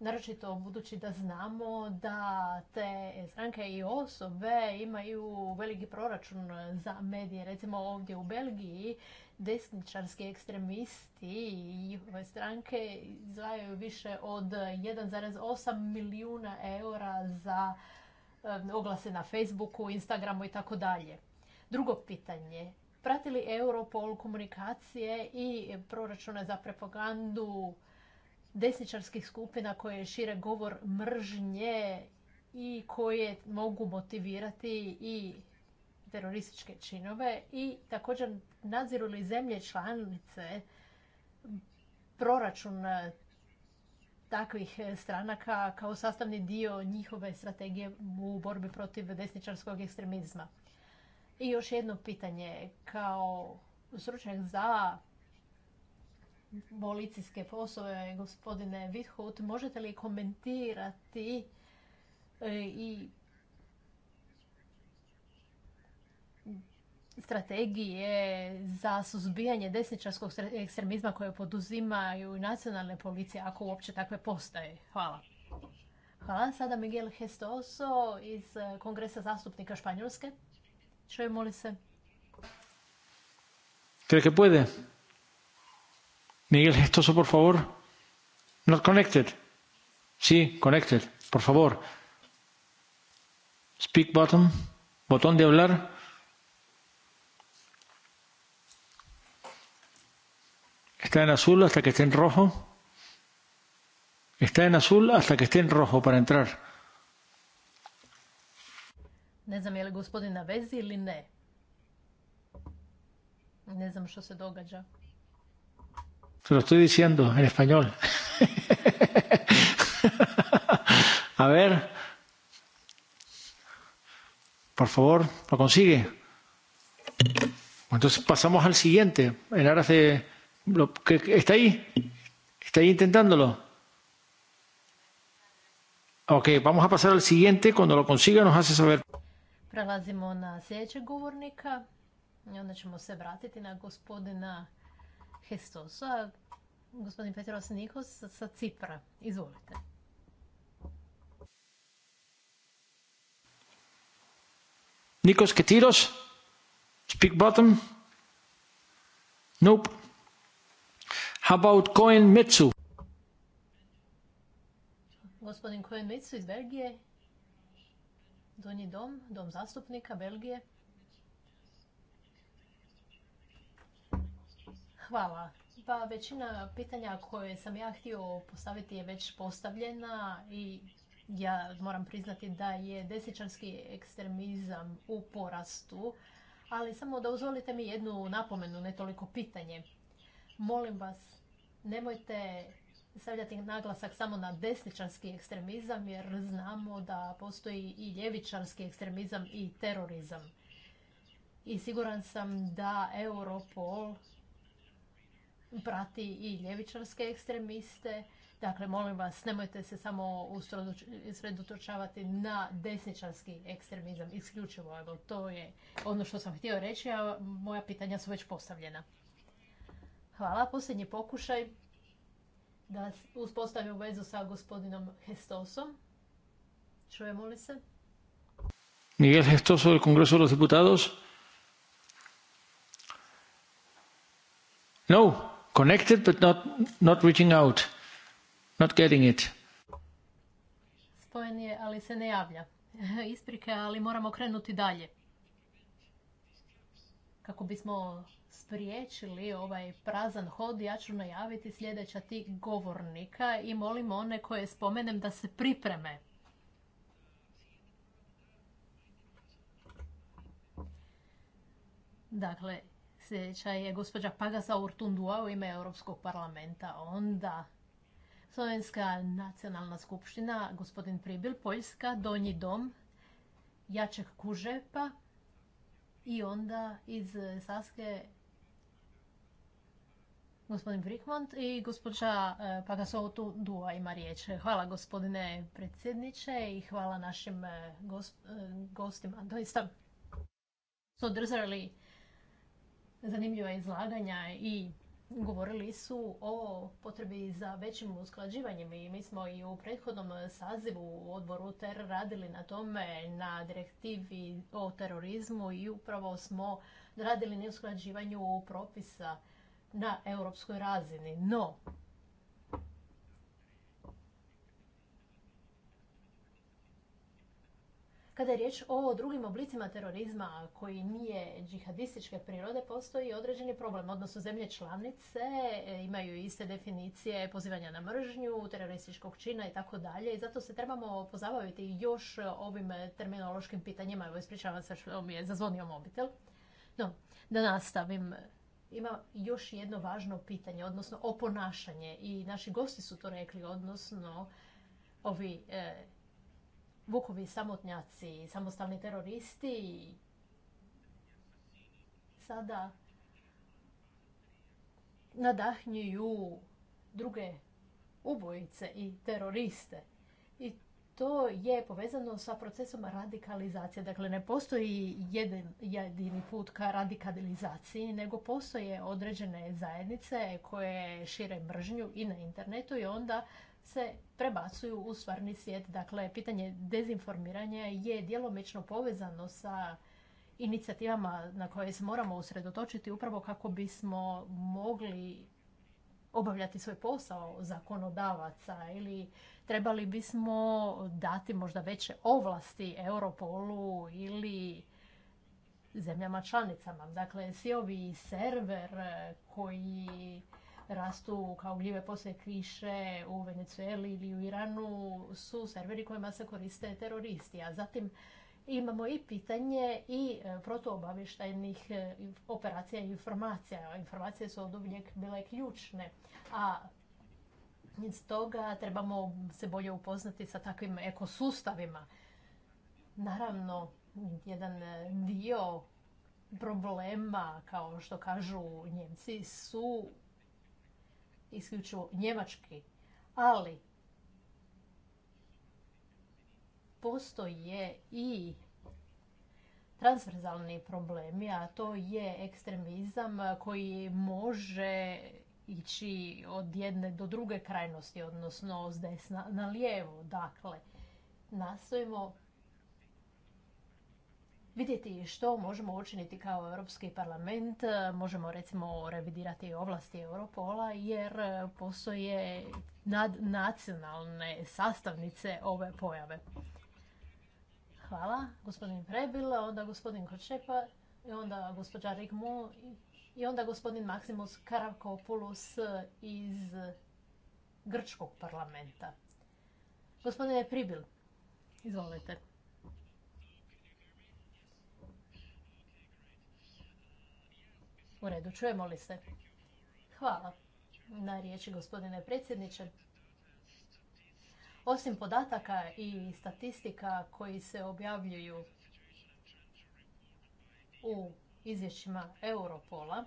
Naročito budući da znamo da te stranke i osobe imaju veliki proračun za medije. Recimo ovdje u Belgiji desničarski ekstremisti i njihove stranke izdvajaju više od 1,8 milijuna eura za oglase na Facebooku, Instagramu i tako dalje. Drugo pitanje. Pratili Europol komunikacije i proračune za propagandu desničarskih skupina koje šire govor mržnje i koje mogu motivirati i terorističke činove i također nadziru li zemlje članice proračun takvih stranaka kao sastavni dio njihove strategije u borbi protiv desničarskog ekstremizma. I još jedno pitanje. Kao stručnjak za policijske poslove, gospodine Vithut, možete li komentirati e, i strategije za suzbijanje desničarskog ekstremizma koje poduzimaju nacionalne policije, ako uopće takve postaje. Hvala. Hvala. Sada Miguel Hestoso iz e, Kongresa zastupnika Španjolske. Čujemo li se? Creo Miguel Gestoso, por favor. Not connected. Sí, connected. Por favor. Speak button. Botón de hablar. Está en azul hasta que esté en rojo. Está en azul hasta que esté en rojo para entrar. Ne znam je li gospodin na vezi ili ne. Ne znam što se događa. Se lo estoy diciendo en español. A ver. Por favor, ¿lo consigue? Entonces pasamos al siguiente. En aras de. ¿Está ahí? ¿Está ahí intentándolo? Ok, vamos a pasar al siguiente. Cuando lo consiga nos hace saber. Prelazimo na sljedećeg govornika i onda ćemo se vratiti na gospodina Hestosa Gospodin Petros Nikos sa Cipra. Izvolite. Nikos Ketiros? Speak button? Nope. How about Koen Mitsu? Gospodin Koen Mitsu iz Belgije. Donji dom, dom zastupnika Belgije. Hvala pa većina pitanja koje sam ja htio postaviti je već postavljena i ja moram priznati da je desničarski ekstremizam u porastu, ali samo da uzvolite mi jednu napomenu, ne toliko pitanje. Molim vas, nemojte stavljati naglasak samo na desničarski ekstremizam jer znamo da postoji i ljevičarski ekstremizam i terorizam. I siguran sam da Europol prati i ljevičarske ekstremiste. Dakle, molim vas, nemojte se samo usredotočavati na desničarski ekstremizam. Isključivo, evo, to je ono što sam htio reći, a moja pitanja su već postavljena. Hvala, posljednji pokušaj da uspostavim vezu sa gospodinom Hestosom. Čujemo li se? Miguel Hestoso del de Diputados. No connected but not, reaching out, not getting it. Spojen je, ali se ne javlja. Isprike, ali moramo krenuti dalje. Kako bismo spriječili ovaj prazan hod, ja ću najaviti sljedeća tih govornika i molim one koje spomenem da se pripreme. Dakle, Sljedeća je gospođa Pagasa Ortundua u ime Europskog parlamenta. Onda Slovenska nacionalna skupština, gospodin Pribil, Poljska, Donji dom, Jaček Kužepa i onda iz Saske gospodin Brickmont i gospođa e, Pagasa Ortundua ima riječ. Hvala gospodine predsjedniče i hvala našim e, e, gostima. Doista so zanimljiva izlaganja i govorili su o potrebi za većim usklađivanjem i mi smo i u prethodnom sazivu u odboru TER radili na tome, na direktivi o terorizmu i upravo smo radili na usklađivanju propisa na europskoj razini. No, Kada je riječ o drugim oblicima terorizma koji nije džihadističke prirode, postoji određeni problem. Odnosno, zemlje članice e, imaju iste definicije pozivanja na mržnju, terorističkog čina i tako dalje. I zato se trebamo pozabaviti još ovim terminološkim pitanjima. Evo, ispričavam se što mi je zazvonio mobitel. No, da nastavim. Ima još jedno važno pitanje, odnosno oponašanje. I naši gosti su to rekli, odnosno ovi... E, vukovi samotnjaci, samostalni teroristi. Sada nadahnjuju druge ubojice i teroriste. I to je povezano sa procesom radikalizacije. Dakle, ne postoji jedini put ka radikalizaciji, nego postoje određene zajednice koje šire mržnju i na internetu i onda se prebacuju u stvarni svijet. Dakle, pitanje dezinformiranja je djelomično povezano sa inicijativama na koje se moramo usredotočiti upravo kako bismo mogli obavljati svoj posao zakonodavaca ili trebali bismo dati možda veće ovlasti Europolu ili zemljama članicama. Dakle, svi ovi server koji rastu kao gljive poslije kiše u Venezueli ili u Iranu su serveri kojima se koriste teroristi. A zatim imamo i pitanje i e, protuobavještajnih e, operacija i informacija. Informacije su od uvijek bile ključne, a toga trebamo se bolje upoznati sa takvim ekosustavima. Naravno, jedan e, dio problema, kao što kažu Njemci, su isključivo njemački, ali postoje i transverzalni problemi, a to je ekstremizam koji može ići od jedne do druge krajnosti, odnosno s desna na lijevo. Dakle, nastojimo vidjeti što možemo učiniti kao Europski parlament. Možemo recimo revidirati ovlasti Europola jer postoje nadnacionalne sastavnice ove pojave. Hvala, gospodin Prebil, onda gospodin Kočepa, i onda gospođa Rigmu i onda gospodin Maksimus Karakopoulos iz Grčkog parlamenta. Gospodine Pribil, izvolite. U redu, čujemo li se? Hvala na riječi gospodine predsjedniče. Osim podataka i statistika koji se objavljuju u izvješćima Europola,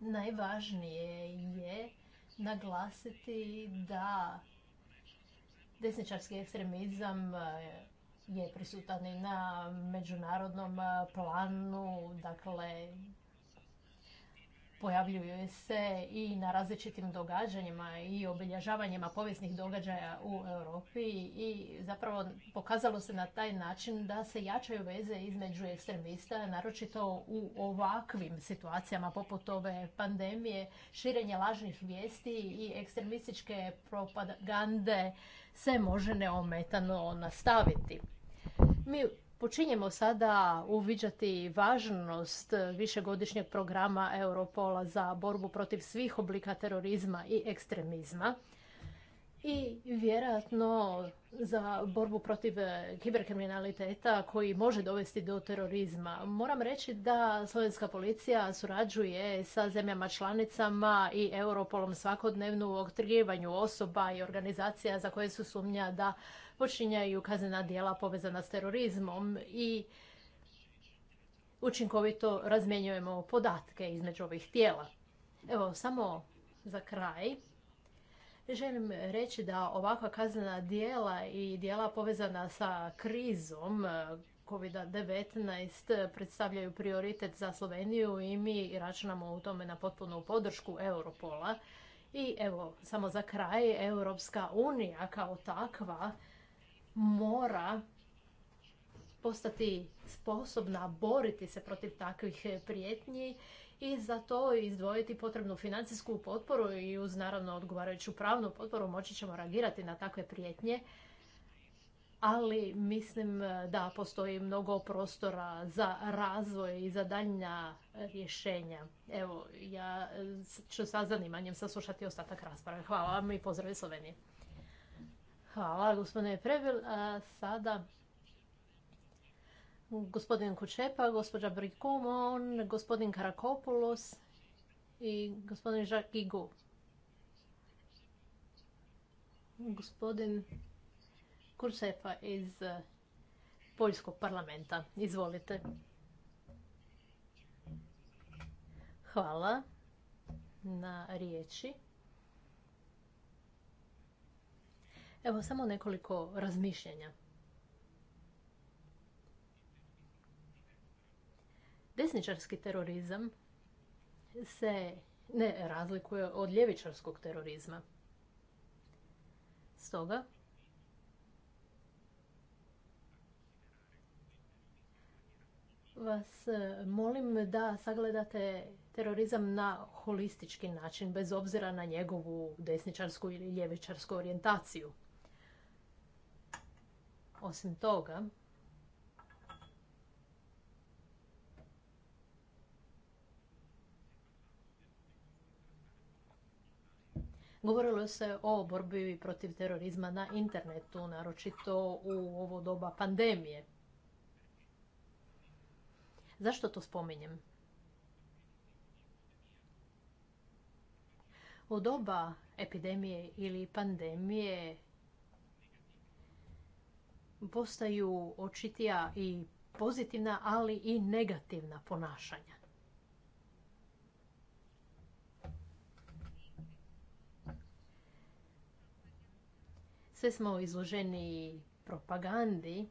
najvažnije je naglasiti da desničarski ekstremizam je prisutan i na međunarodnom planu, dakle pojavljuje se i na različitim događanjima i obilježavanjima povijesnih događaja u Europi i zapravo pokazalo se na taj način da se jačaju veze između ekstremista, naročito u ovakvim situacijama poput ove pandemije, širenje lažnih vijesti i ekstremističke propagande se može neometano nastaviti. Mi počinjemo sada uviđati važnost višegodišnjeg programa Europola za borbu protiv svih oblika terorizma i ekstremizma i vjerojatno za borbu protiv eh, kiberkriminaliteta koji može dovesti do terorizma. Moram reći da slovenska policija surađuje sa zemljama članicama i Europolom svakodnevno u otkrivanju osoba i organizacija za koje su sumnja da počinjaju kaznena djela povezana s terorizmom i učinkovito razmjenjujemo podatke između ovih tijela. Evo, samo za kraj Želim reći da ovakva kaznena dijela i dijela povezana sa krizom e, COVID-19 predstavljaju prioritet za Sloveniju i mi računamo u tome na potpunu podršku Europola. I evo, samo za kraj, Europska unija kao takva mora postati sposobna boriti se protiv takvih prijetnji i za to izdvojiti potrebnu financijsku potporu i uz naravno odgovarajuću pravnu potporu moći ćemo reagirati na takve prijetnje. Ali mislim e, da postoji mnogo prostora za razvoj i za daljnja e, rješenja. Evo, ja e, ću sa zanimanjem saslušati ostatak rasprave. Hvala vam i pozdrav Slovenije. Hvala gospodine prebil sada gospodin Kučepa, gospođa Brikumon, gospodin Karakopoulos i gospodin Jacques Igu. Gospodin Kučepa iz eh, Poljskog parlamenta. Izvolite. Hvala na riječi. Evo samo nekoliko razmišljenja. Desničarski terorizam se ne razlikuje od ljevičarskog terorizma. Stoga, vas e, molim da sagledate terorizam na holistički način, bez obzira na njegovu desničarsku ili ljevičarsku orijentaciju. Osim toga, Govorilo se o borbi protiv terorizma na internetu, naročito u ovo doba pandemije. Zašto to spominjem? U doba epidemije ili pandemije postaju očitija i pozitivna, ali i negativna ponašanja. Sve smo izloženi propagandi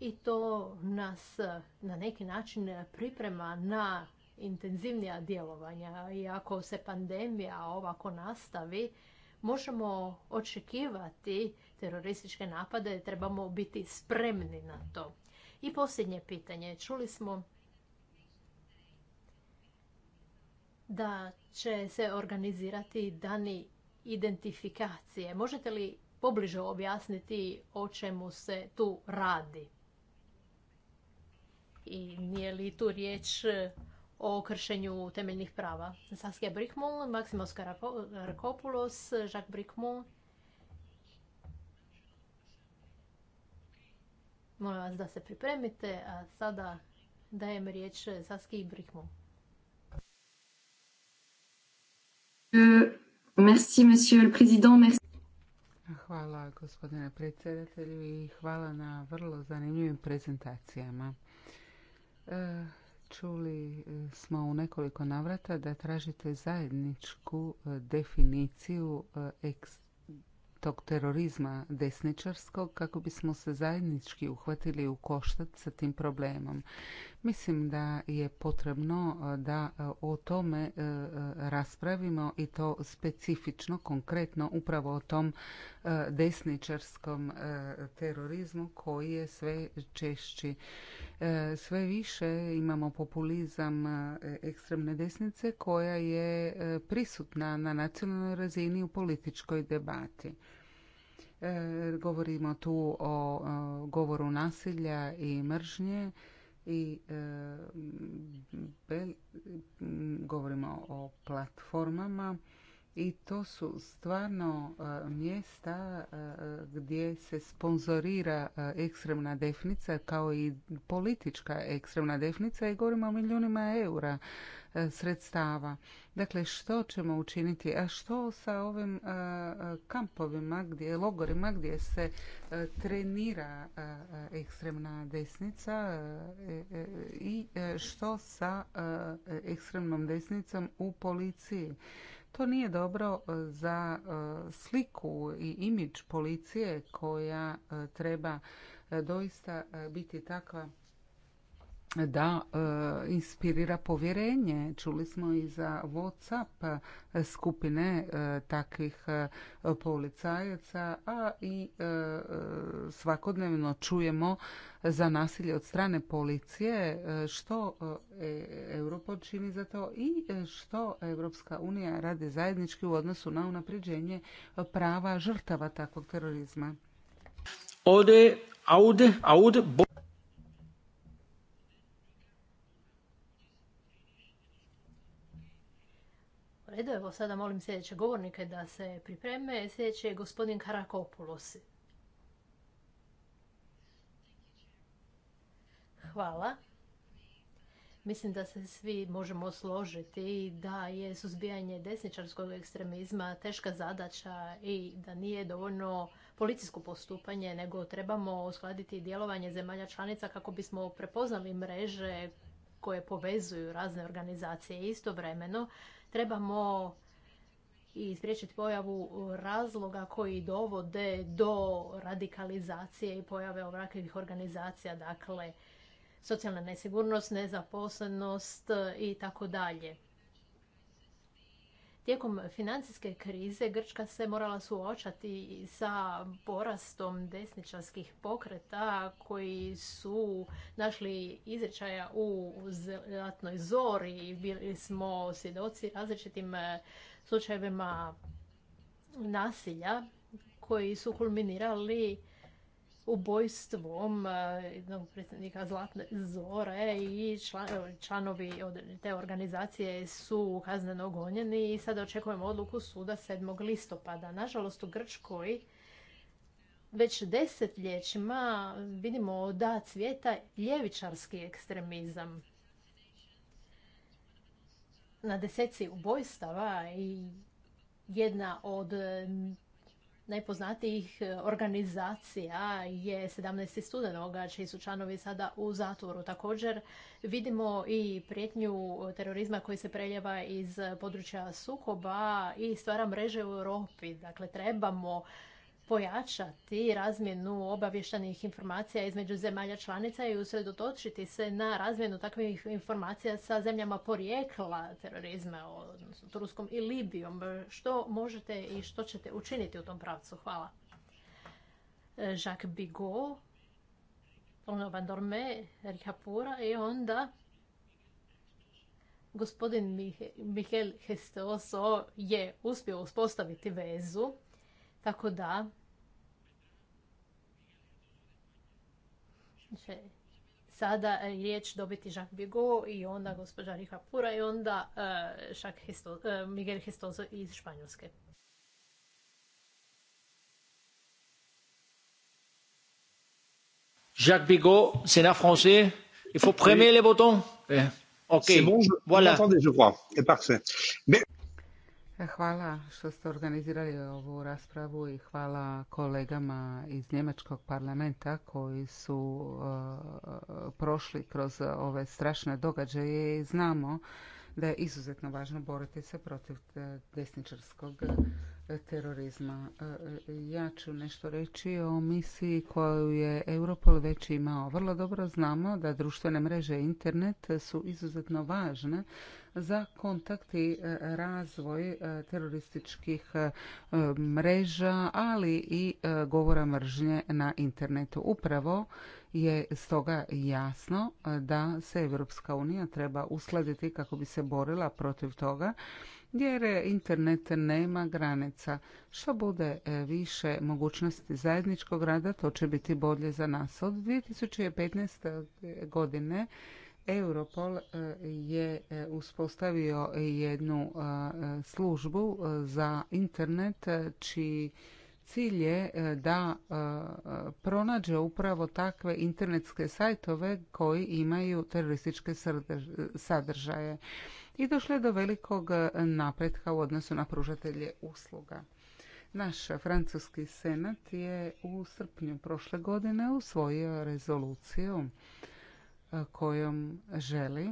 i to nas na neki način priprema na intenzivnija djelovanja. I ako se pandemija ovako nastavi, možemo očekivati terorističke napade, trebamo biti spremni na to. I posljednje pitanje. Čuli smo da će se organizirati dani identifikacije. Možete li pobliže objasniti o čemu se tu radi? I nije li tu riječ o kršenju temeljnih prava? Saskia Brickmull, Maksimos Karakopoulos, Jacques Brickmull. Molim vas da se pripremite, a sada dajem riječ Saskiji Merci, monsieur Hvala gospodine predsjedatelju i hvala na vrlo zanimljivim prezentacijama. E, čuli e, smo u nekoliko navrata da tražite zajedničku e, definiciju tog terorizma desničarskog kako bismo se zajednički uhvatili u koštac sa tim problemom. Mislim da je potrebno e, da e, o tome e, raspravimo i to specifično, konkretno upravo o tom desničarskom terorizmu koji je sve češći. Sve više imamo populizam ekstremne desnice koja je prisutna na nacionalnoj razini u političkoj debati. Govorimo tu o govoru nasilja i mržnje i e, govorimo o platformama i to su stvarno e, mjesta e, gdje se sponzorira e, ekstremna defnica kao i politička ekstremna defnica i govorimo o milijunima eura E, sredstava. Dakle, što ćemo učiniti? A što sa ovim e, e, kampovima, gdje, logorima gdje se trenira ekstremna desnica i što sa ekstremnom desnicom u policiji? To nije dobro za sliku i imidž policije koja treba doista biti takva da e, inspirira povjerenje. Čuli smo i za Whatsapp skupine e, takvih e, policajaca, a i svakodnevno čujemo za nasilje od strane policije, što Europol čini za to i što Europska unija radi zajednički u odnosu na unapređenje prava žrtava takvog terorizma. Ode, aude, aude, redu, evo sada molim sljedeće govornike da se pripreme. Sljedeći je gospodin Karakopulos. Hvala. Mislim da se svi možemo složiti da je suzbijanje desničarskog ekstremizma teška zadaća i da nije dovoljno policijsko postupanje, nego trebamo uskladiti djelovanje zemalja članica kako bismo prepoznali mreže koje povezuju razne organizacije istovremeno, trebamo i spriječiti pojavu razloga koji dovode do radikalizacije i pojave ovakvih organizacija, dakle socijalna nesigurnost, nezaposlenost i tako dalje. Tijekom financijske krize Grčka se morala suočati sa porastom desničarskih pokreta koji su našli izrečaja u zlatnoj zori. Bili smo svjedoci različitim e, slučajevima nasilja koji su kulminirali ubojstvom eh, jednog predsjednika Zlatne Zore i članovi te organizacije su kazneno gonjeni i sada očekujemo odluku suda 7. listopada. Nažalost u Grčkoj već desetljećima vidimo da cvjeta ljevičarski ekstremizam. Na deseci ubojstava i jedna od najpoznatijih e, organizacija je 17. studenoga, čiji su članovi sada u zatvoru. Također vidimo i prijetnju terorizma koji se preljeva iz područja sukoba i stvara mreže u Europi. Dakle, trebamo pojačati razmjenu obavještajnih informacija između zemalja članica i usredotočiti se na razmjenu takvih informacija sa zemljama porijekla terorizma, odnosno Turskom i Libijom. Što možete i što ćete učiniti u tom pravcu? Hvala. E, Jacques Bigot, ono Van Rihapura i onda gospodin Mihael Hesteoso je uspio uspostaviti vezu tako da će znači, sada e, riječ dobiti Jacques Bigot i onda gospođa Riha Pura i onda uh, Histo, uh, Miguel Histozo iz Španjolske. Jacques Bigot, Sénat français. Il faut prémer les boutons. Eh. OK. C'est bon, je, voilà. je crois. C'est parfait. Mais... Hvala što ste organizirali ovu raspravu i hvala kolegama iz Njemačkog parlamenta koji su eh, prošli kroz ove strašne događaje i znamo da je izuzetno važno boriti se protiv eh, desničarskog terorizma. E, ja ću nešto reći o misiji koju je Europol već imao. Vrlo dobro znamo da društvene mreže i internet su izuzetno važne za kontakt i e, razvoj e, terorističkih mreža, ali i govora mržnje na internetu. Upravo je stoga jasno da se Europska unija treba uskladiti kako bi se borila protiv toga jer e, internet nema granica. Što bude e, više mogućnosti zajedničkog rada, to će biti bolje za nas. Od 2015. godine Europol e, je uspostavio jednu službu za internet čiji Cilj je e, da e, pronađe upravo takve internetske sajtove koji imaju terorističke sadržaje. I došlo je do velikog e, napretka u odnosu na pružatelje usluga. Naš francuski senat je u srpnju prošle godine usvojio rezoluciju kojom želi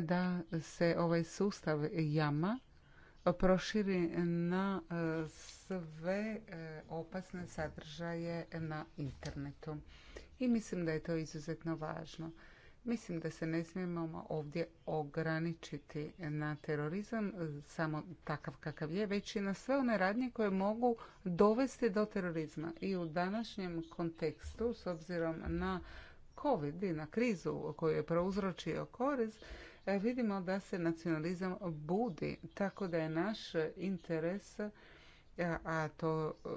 da se ovaj sustav jama proširi na e, sve e, opasne sadržaje na internetu. I mislim da je to izuzetno važno. Mislim da se ne smijemo ovdje ograničiti na terorizam, samo takav kakav je, već i na sve one radnje koje mogu dovesti do terorizma. I u današnjem kontekstu, s obzirom na COVID i na krizu koju je prouzročio korist. E, vidimo da se nacionalizam budi, tako da je naš interes e, a to e,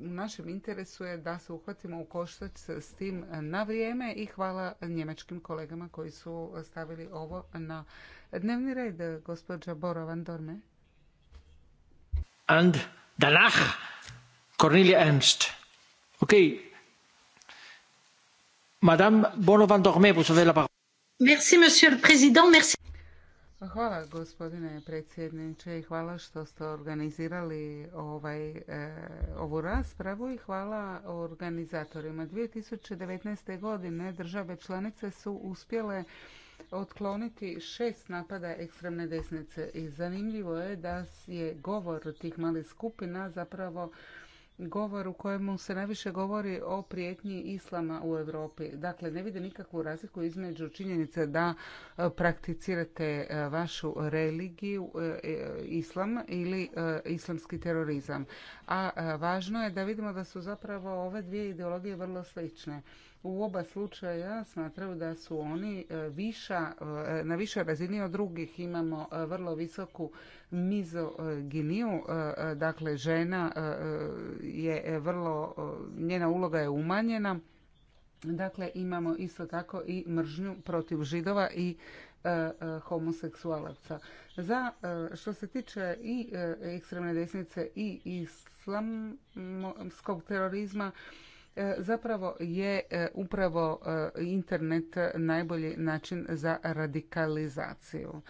u našem interesu je da se uhvatimo u koštac s tim na vrijeme i hvala njemačkim kolegama koji su stavili ovo na dnevni red, gospođa Borovan Dorme. And danach Cornelia Ernst. Ok. Madame Borovan Dorme, vous avez la Merci, monsieur le président. Merci. Hvala gospodine predsjedniče i hvala što ste organizirali ovaj, eh, ovu raspravu i hvala organizatorima. 2019. godine države članice su uspjele otkloniti šest napada ekstremne desnice i zanimljivo je da je govor tih malih skupina zapravo govor u kojemu se najviše govori o prijetnji islama u Europi. Dakle, ne vide nikakvu razliku između činjenice da e, prakticirate e, vašu religiju, e, islam ili islamski terorizam. A važno je da vidimo da su zapravo ove dvije ideologije vrlo slične u oba slučaja smatraju da su oni e, viša, e, na višoj razini od drugih. Imamo e, vrlo visoku mizoginiju, dakle žena je vrlo, njena uloga je umanjena. Dakle, imamo isto tako i mržnju protiv židova i homoseksualaca. Za što se tiče i ekstremne desnice i islamskog terorizma, E, zapravo je e, upravo e, internet najbolji način za radikalizaciju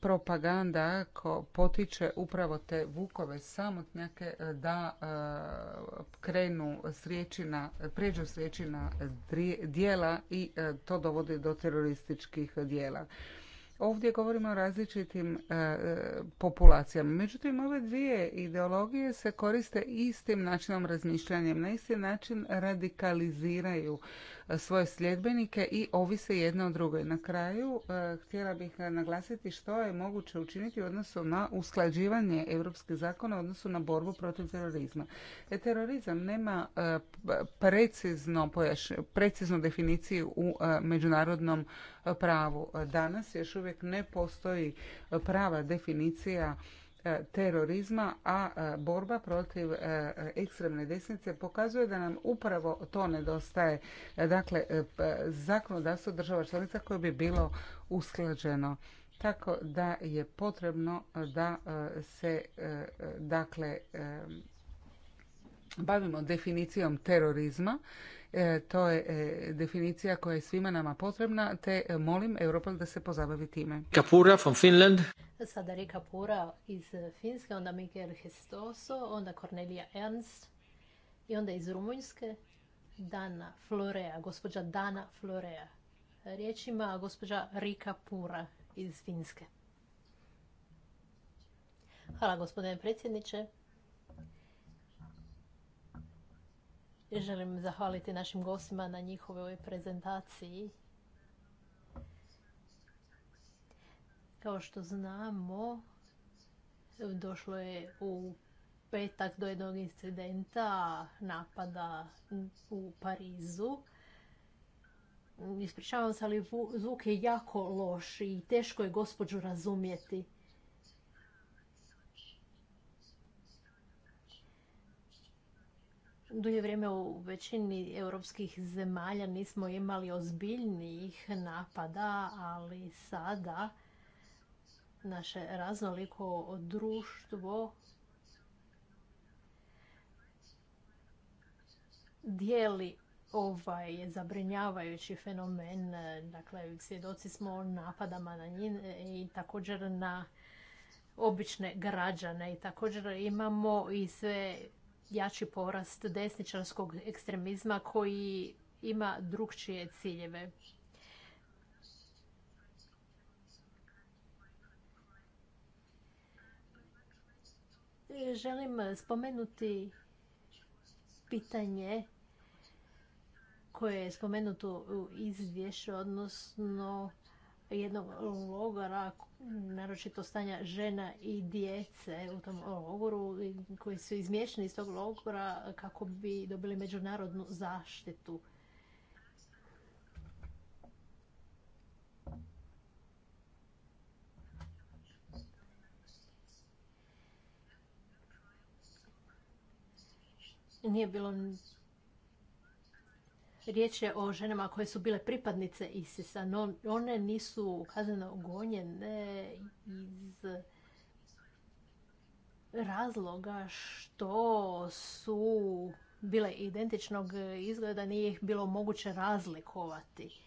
propaganda ko potiče upravo te vukove samotnjake da krenu s riječi na, pređu s dijela i to dovodi do terorističkih dijela. Ovdje govorimo o različitim e, e, populacijama. Međutim, ove dvije ideologije se koriste istim načinom razmišljanja. Na isti način radikaliziraju svoje sljedbenike i ovise jedna o drugoj. Na kraju e, htjela bih e, naglasiti što je moguće učiniti u odnosu na usklađivanje europskih zakona u odnosu na borbu protiv terorizma. E, terorizam nema precizno, preciznu definiciju u međunarodnom pravu. Danas još uvijek ne postoji prava definicija E, terorizma, a e, borba protiv e, ekstremne desnice pokazuje da nam upravo to nedostaje. Dakle, zakonodavstvo država članica koje bi bilo usklađeno. Tako da je potrebno da se dakle bavimo definicijom terorizma E, to je e, definicija koja je svima nama potrebna, te e, molim Europol da se pozabavi time. Kapura from Finland. Sada Rika Pura iz Finske, onda Miguel Hestoso, onda Cornelia Ernst i onda iz Rumunjske Dana Florea, gospođa Dana Florea. Riječ gospođa Rika Pura iz Finske. Hvala gospodine predsjedniče. Želim zahvaliti našim gostima na njihovoj prezentaciji. Kao što znamo, došlo je u petak do jednog incidenta napada u Parizu. Ispričavam se, ali zvuk je jako loš i teško je gospođu razumjeti. dulje vrijeme u većini europskih zemalja nismo imali ozbiljnijih napada, ali sada naše raznoliko društvo dijeli ovaj zabrinjavajući fenomen. Dakle, svjedoci smo napadama na njih i također na obične građane i također imamo i sve jači porast desničarskog ekstremizma koji ima drugčije ciljeve. Želim spomenuti pitanje koje je spomenuto u izvješću, odnosno jednog logora, naročito stanja žena i djece u tom logoru, koji su izmješani iz tog logora kako bi dobili međunarodnu zaštitu. Nije bilo Riječ je o ženama koje su bile pripadnice ISIS-a, no one nisu kazneno gonjene iz razloga što su bile identičnog izgleda, nije ih bilo moguće razlikovati.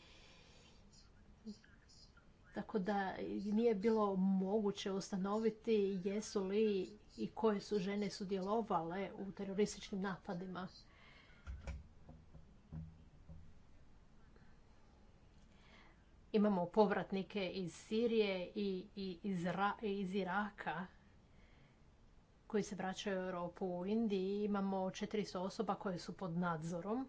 Tako da nije bilo moguće ustanoviti jesu li i koje su žene sudjelovale u terorističkim napadima. Imamo povratnike iz Sirije i, iz, iz Iraka koji se vraćaju u Europu. U Indiji imamo 400 osoba koje su pod nadzorom.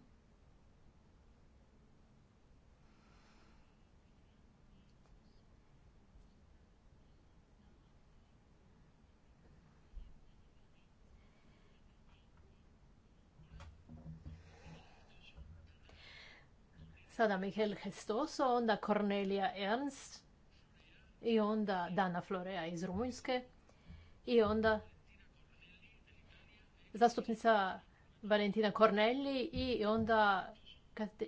Sada Mihael Hestoso, onda Cornelia Ernst i onda Dana Florea iz Rumunjske i onda zastupnica Valentina Cornelli i onda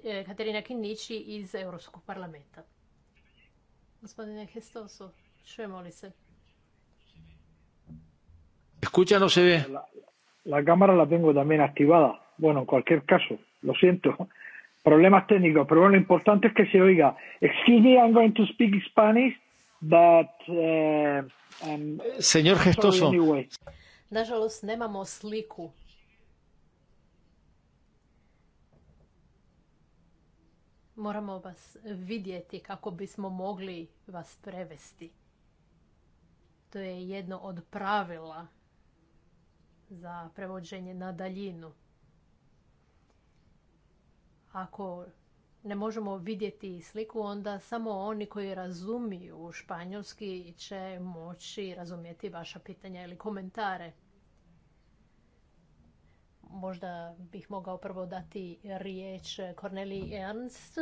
e, Katerina Kinnici iz Europskog parlamenta. Gospodine Hestoso, čujemo li se? Escucha, se ve. La, la cámara la tengo también activada. Bueno, en cualquier caso, lo siento problemas técnicos, pero bueno, lo importante es que se oiga. Excuse me, I'm going to speak Spanish, but... Uh, um, Señor Gestoso. Anyway. Nažalost, nemamo sliku. Moramo vas vidjeti kako bismo mogli vas prevesti. To je jedno od pravila za prevođenje na daljinu. Ako ne možemo vidjeti sliku, onda samo oni koji razumiju španjolski će moći razumjeti vaša pitanja ili komentare. Možda bih mogao prvo dati riječ Corneli Ernst.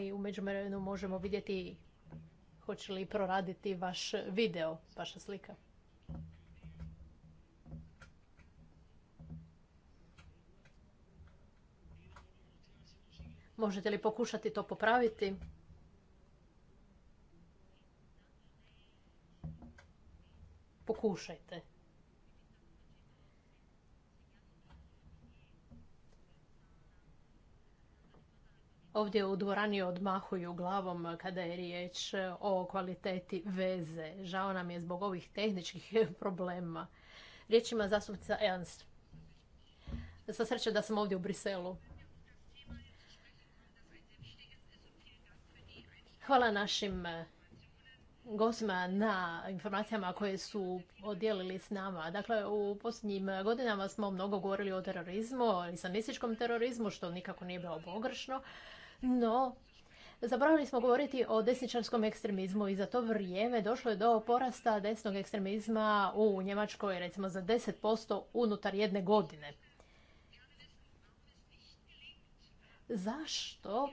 I u međuvremenu možemo vidjeti hoće li proraditi vaš video, vaša slika. Možete li pokušati to popraviti? Pokušajte. Ovdje u dvorani odmahuju glavom kada je riječ o kvaliteti veze. Žao nam je zbog ovih tehničkih problema. Riječima zastupnica Ernst. Sa sreće da sam ovdje u Briselu. Hvala našim e, gostima na informacijama koje su odijelili s nama. Dakle, u posljednjim godinama smo mnogo govorili o terorizmu, o islamističkom terorizmu, što nikako nije bilo pogrešno, no Zaboravili smo govoriti o desničarskom ekstremizmu i za to vrijeme došlo je do porasta desnog ekstremizma u Njemačkoj, recimo za 10% unutar jedne godine. Zašto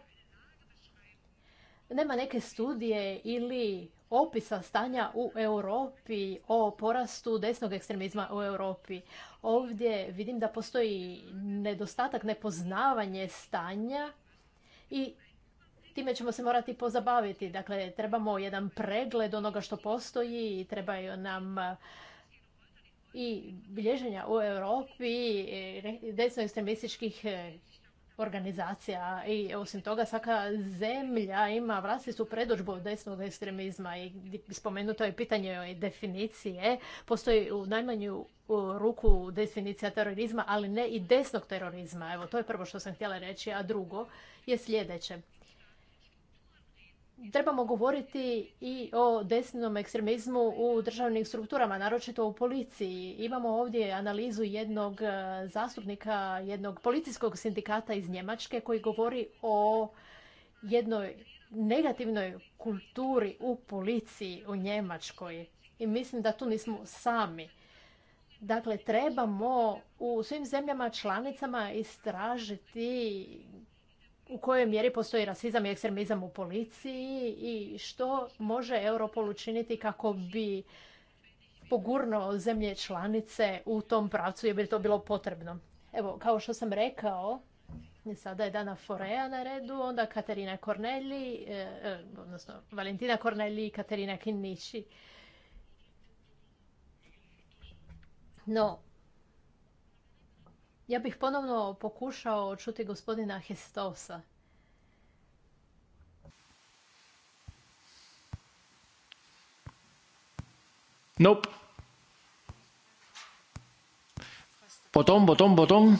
nema neke studije ili opisa stanja u Europi o porastu desnog ekstremizma u Europi. Ovdje vidim da postoji nedostatak, nepoznavanje stanja i time ćemo se morati pozabaviti. Dakle, trebamo jedan pregled onoga što postoji i trebaju nam e, i bilježenja u Europi e, desno ekstremističkih e, organizacija i osim toga svaka zemlja ima vlastitu predođbu od desnog ekstremizma i spomenuto je pitanje definicije. Postoji u najmanju ruku definicija terorizma, ali ne i desnog terorizma. Evo, to je prvo što sam htjela reći, a drugo je sljedeće trebamo govoriti i o desnom ekstremizmu u državnim strukturama, naročito u policiji. Imamo ovdje analizu jednog e, zastupnika, jednog policijskog sindikata iz Njemačke koji govori o jednoj negativnoj kulturi u policiji u Njemačkoj. I mislim da tu nismo sami. Dakle, trebamo u svim zemljama članicama istražiti u kojoj mjeri postoji rasizam i ekstremizam u policiji i što može Europol učiniti kako bi pogurno zemlje članice u tom pravcu jer bi to bilo potrebno. Evo, kao što sam rekao, sada je Dana Forea na redu, onda Katarina Korneli, e, e, odnosno Valentina Corneli i Katerina Kinnici. No, ja bih ponovno pokušao čuti gospodina Hestosa. Nope. Potom, potom, potom.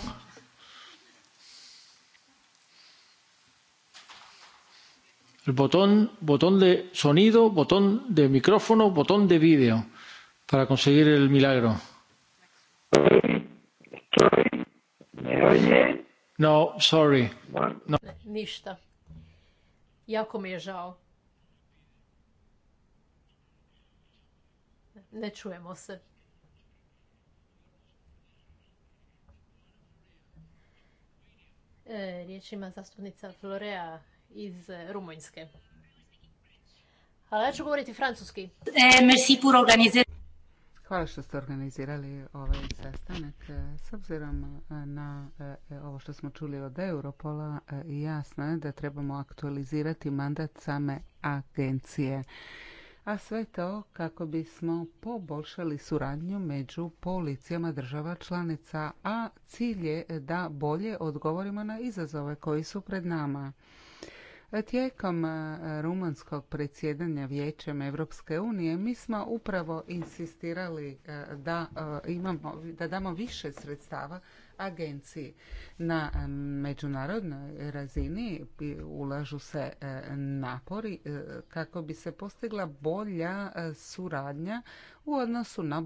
El botón, botón de sonido, botón de micrófono, botón de vídeo para conseguir el milagro. No, sorry. No. Ništa. Jako mi je žao. Ne čujemo se. E, riječ ima zastupnica Florea iz Rumunjske. Ali ja ću govoriti francuski. E, merci pour organiser Hvala što ste organizirali ovaj sastanak. E, s obzirom e, na e, ovo što smo čuli od Europola, jasno je da trebamo aktualizirati mandat same agencije. A sve to kako bismo poboljšali suradnju među policijama država članica, a cilj je da bolje odgovorimo na izazove koji su pred nama. Tijekom e, rumunskog predsjedanja Vijećem Europske unije mi smo upravo insistirali e, da e, imamo da damo više sredstava agenciji na međunarodnoj razini ulažu se napori kako bi se postigla bolja suradnja u odnosu na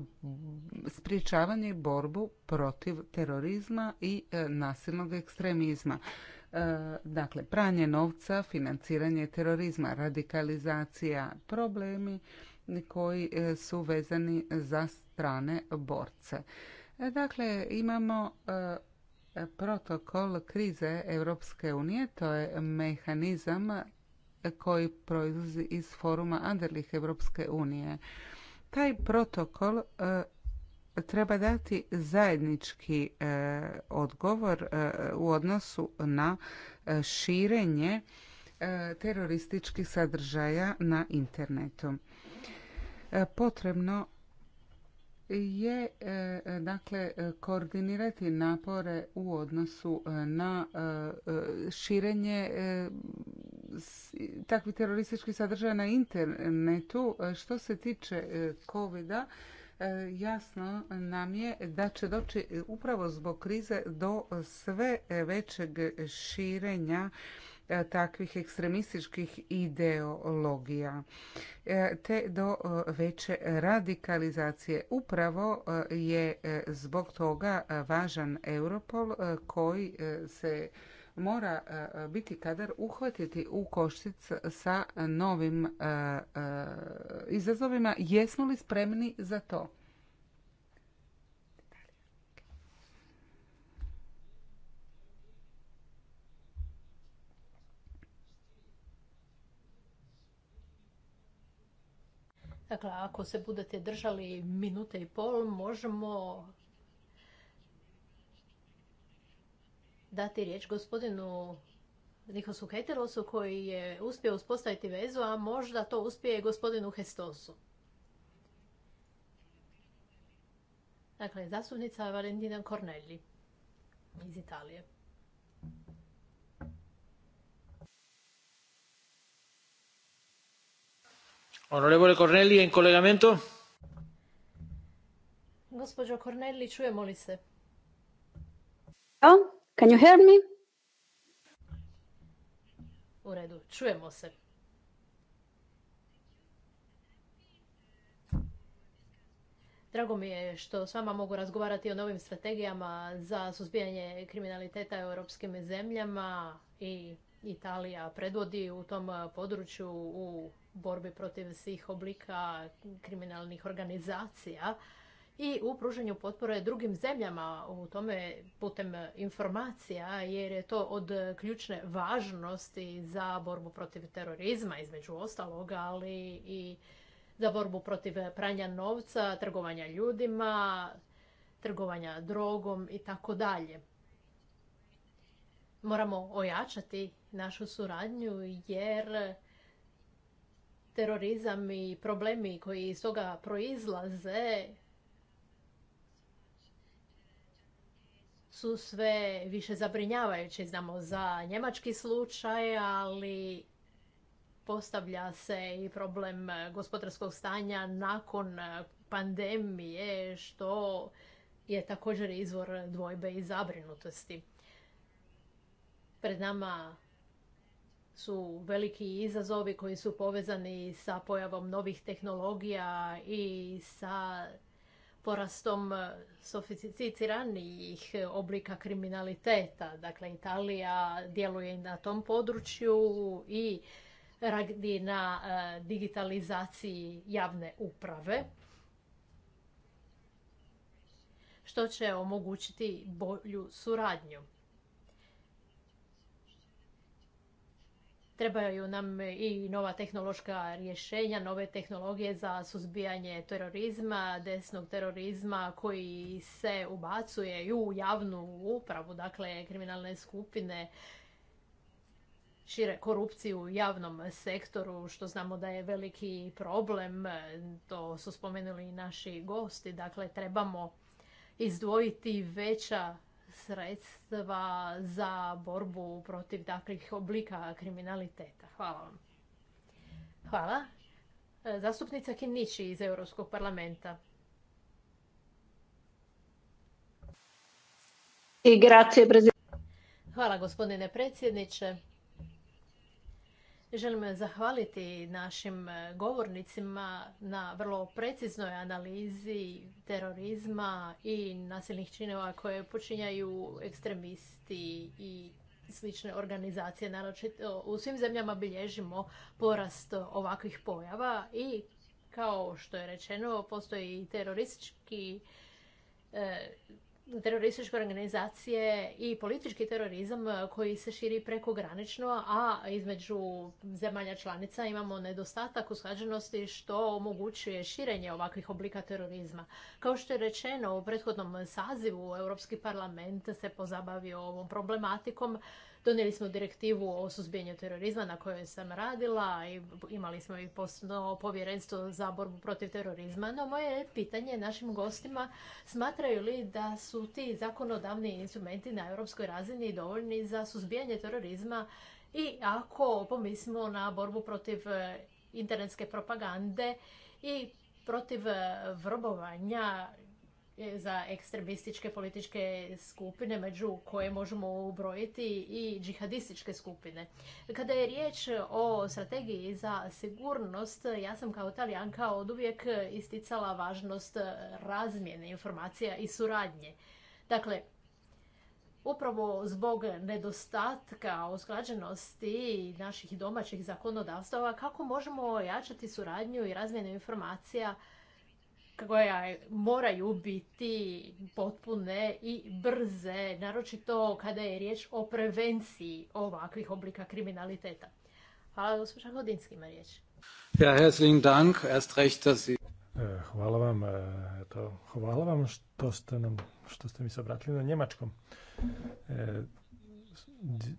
sprječavanje i borbu protiv terorizma i nasilnog ekstremizma. E, dakle, pranje novca, financiranje terorizma, radikalizacija, problemi koji e, su vezani za strane borce. E, dakle, imamo protokol krize Europske unije, to je mehanizam koji proizlazi iz foruma Anderlih Europske unije. Taj protokol treba dati zajednički e, odgovor e, u odnosu na e, širenje terorističkih sadržaja na internetu. Potrebno je dakle koordinirati napore u odnosu na širenje takvih terorističkih sadržaja na internetu. Što se tiče covida, E, jasno nam je da će doći upravo zbog krize do sve većeg širenja e, takvih ekstremističkih ideologija e, te do veće radikalizacije. Upravo je zbog toga važan Europol koji se mora e, biti kadar uhvatiti u koštic sa novim e, e, izazovima. Jesmo li spremni za to? Dakle, ako se budete držali minute i pol, možemo dati riječ gospodinu Nikosu Heterosu koji je uspio uspostaviti vezu, a možda to uspije i gospodinu Hestosu. Dakle, zastupnica Valentina Cornelli iz Italije. Onorevole Cornelli, in collegamento? Gospođo Cornelli, čujemo li se? Can you hear me? U redu, čujemo se. Drago mi je što s vama mogu razgovarati o novim strategijama za suzbijanje kriminaliteta u europskim zemljama i Italija predvodi u tom području u borbi protiv svih oblika kriminalnih organizacija i u pružanju potpore drugim zemljama u tome putem informacija jer je to od ključne važnosti za borbu protiv terorizma između ostaloga, ali i za borbu protiv pranja novca, trgovanja ljudima, trgovanja drogom i tako dalje. Moramo ojačati našu suradnju jer terorizam i problemi koji iz toga proizlaze su sve više zabrinjavajući. Znamo za njemački slučaj, ali postavlja se i problem gospodarskog stanja nakon pandemije, što je također izvor dvojbe i zabrinutosti. Pred nama su veliki izazovi koji su povezani sa pojavom novih tehnologija i sa porastom e, sofisticiranijih e, oblika kriminaliteta. Dakle, Italija djeluje na tom području i radi na e, digitalizaciji javne uprave, što će omogućiti bolju suradnju. Trebaju nam i nova tehnološka rješenja, nove tehnologije za suzbijanje terorizma, desnog terorizma koji se ubacuje i u javnu upravu, dakle kriminalne skupine šire korupciju u javnom sektoru, što znamo da je veliki problem, to su spomenuli i naši gosti, dakle trebamo izdvojiti veća sredstva za borbu protiv takvih oblika kriminaliteta. Hvala vam. Hvala. Zastupnica Kinići iz Europskog parlamenta. Hvala gospodine predsjedniče. Želim zahvaliti našim e, govornicima na vrlo preciznoj analizi terorizma i nasilnih činova koje počinjaju ekstremisti i slične organizacije. Naročito u svim zemljama bilježimo porast ovakvih pojava i kao što je rečeno postoji teroristički e, terorističke organizacije i politički terorizam e, koji se širi prekogranično, a između zemalja članica imamo nedostatak usklađenosti što omogućuje širenje ovakvih oblika terorizma. Kao što je rečeno u prethodnom sazivu, Europski parlament se pozabavio ovom problematikom Donijeli smo direktivu o suzbijanju terorizma na kojoj sam radila i imali smo i posebno povjerenstvo za borbu protiv terorizma. No moje pitanje našim gostima smatraju li da su ti zakonodavni instrumenti na europskoj razini dovoljni za suzbijanje terorizma i ako pomislimo na borbu protiv e, internetske propagande i protiv e, vrbovanja za ekstremističke političke skupine, među koje možemo ubrojiti i džihadističke skupine. Kada je riječ o strategiji za sigurnost, ja sam kao talijanka od uvijek isticala važnost razmjene informacija i suradnje. Dakle, Upravo zbog nedostatka usklađenosti naših domaćih zakonodavstava, kako možemo ojačati suradnju i razmjenu informacija koje moraju biti potpune i brze, naročito kada je riječ o prevenciji ovakvih oblika kriminaliteta. Hvala, gospođa Hodinski, ima riječ. Ja, Dank, erst recht, e, e, Hvala vam, što ste, nam, što ste mi se obratili na njemačkom. E,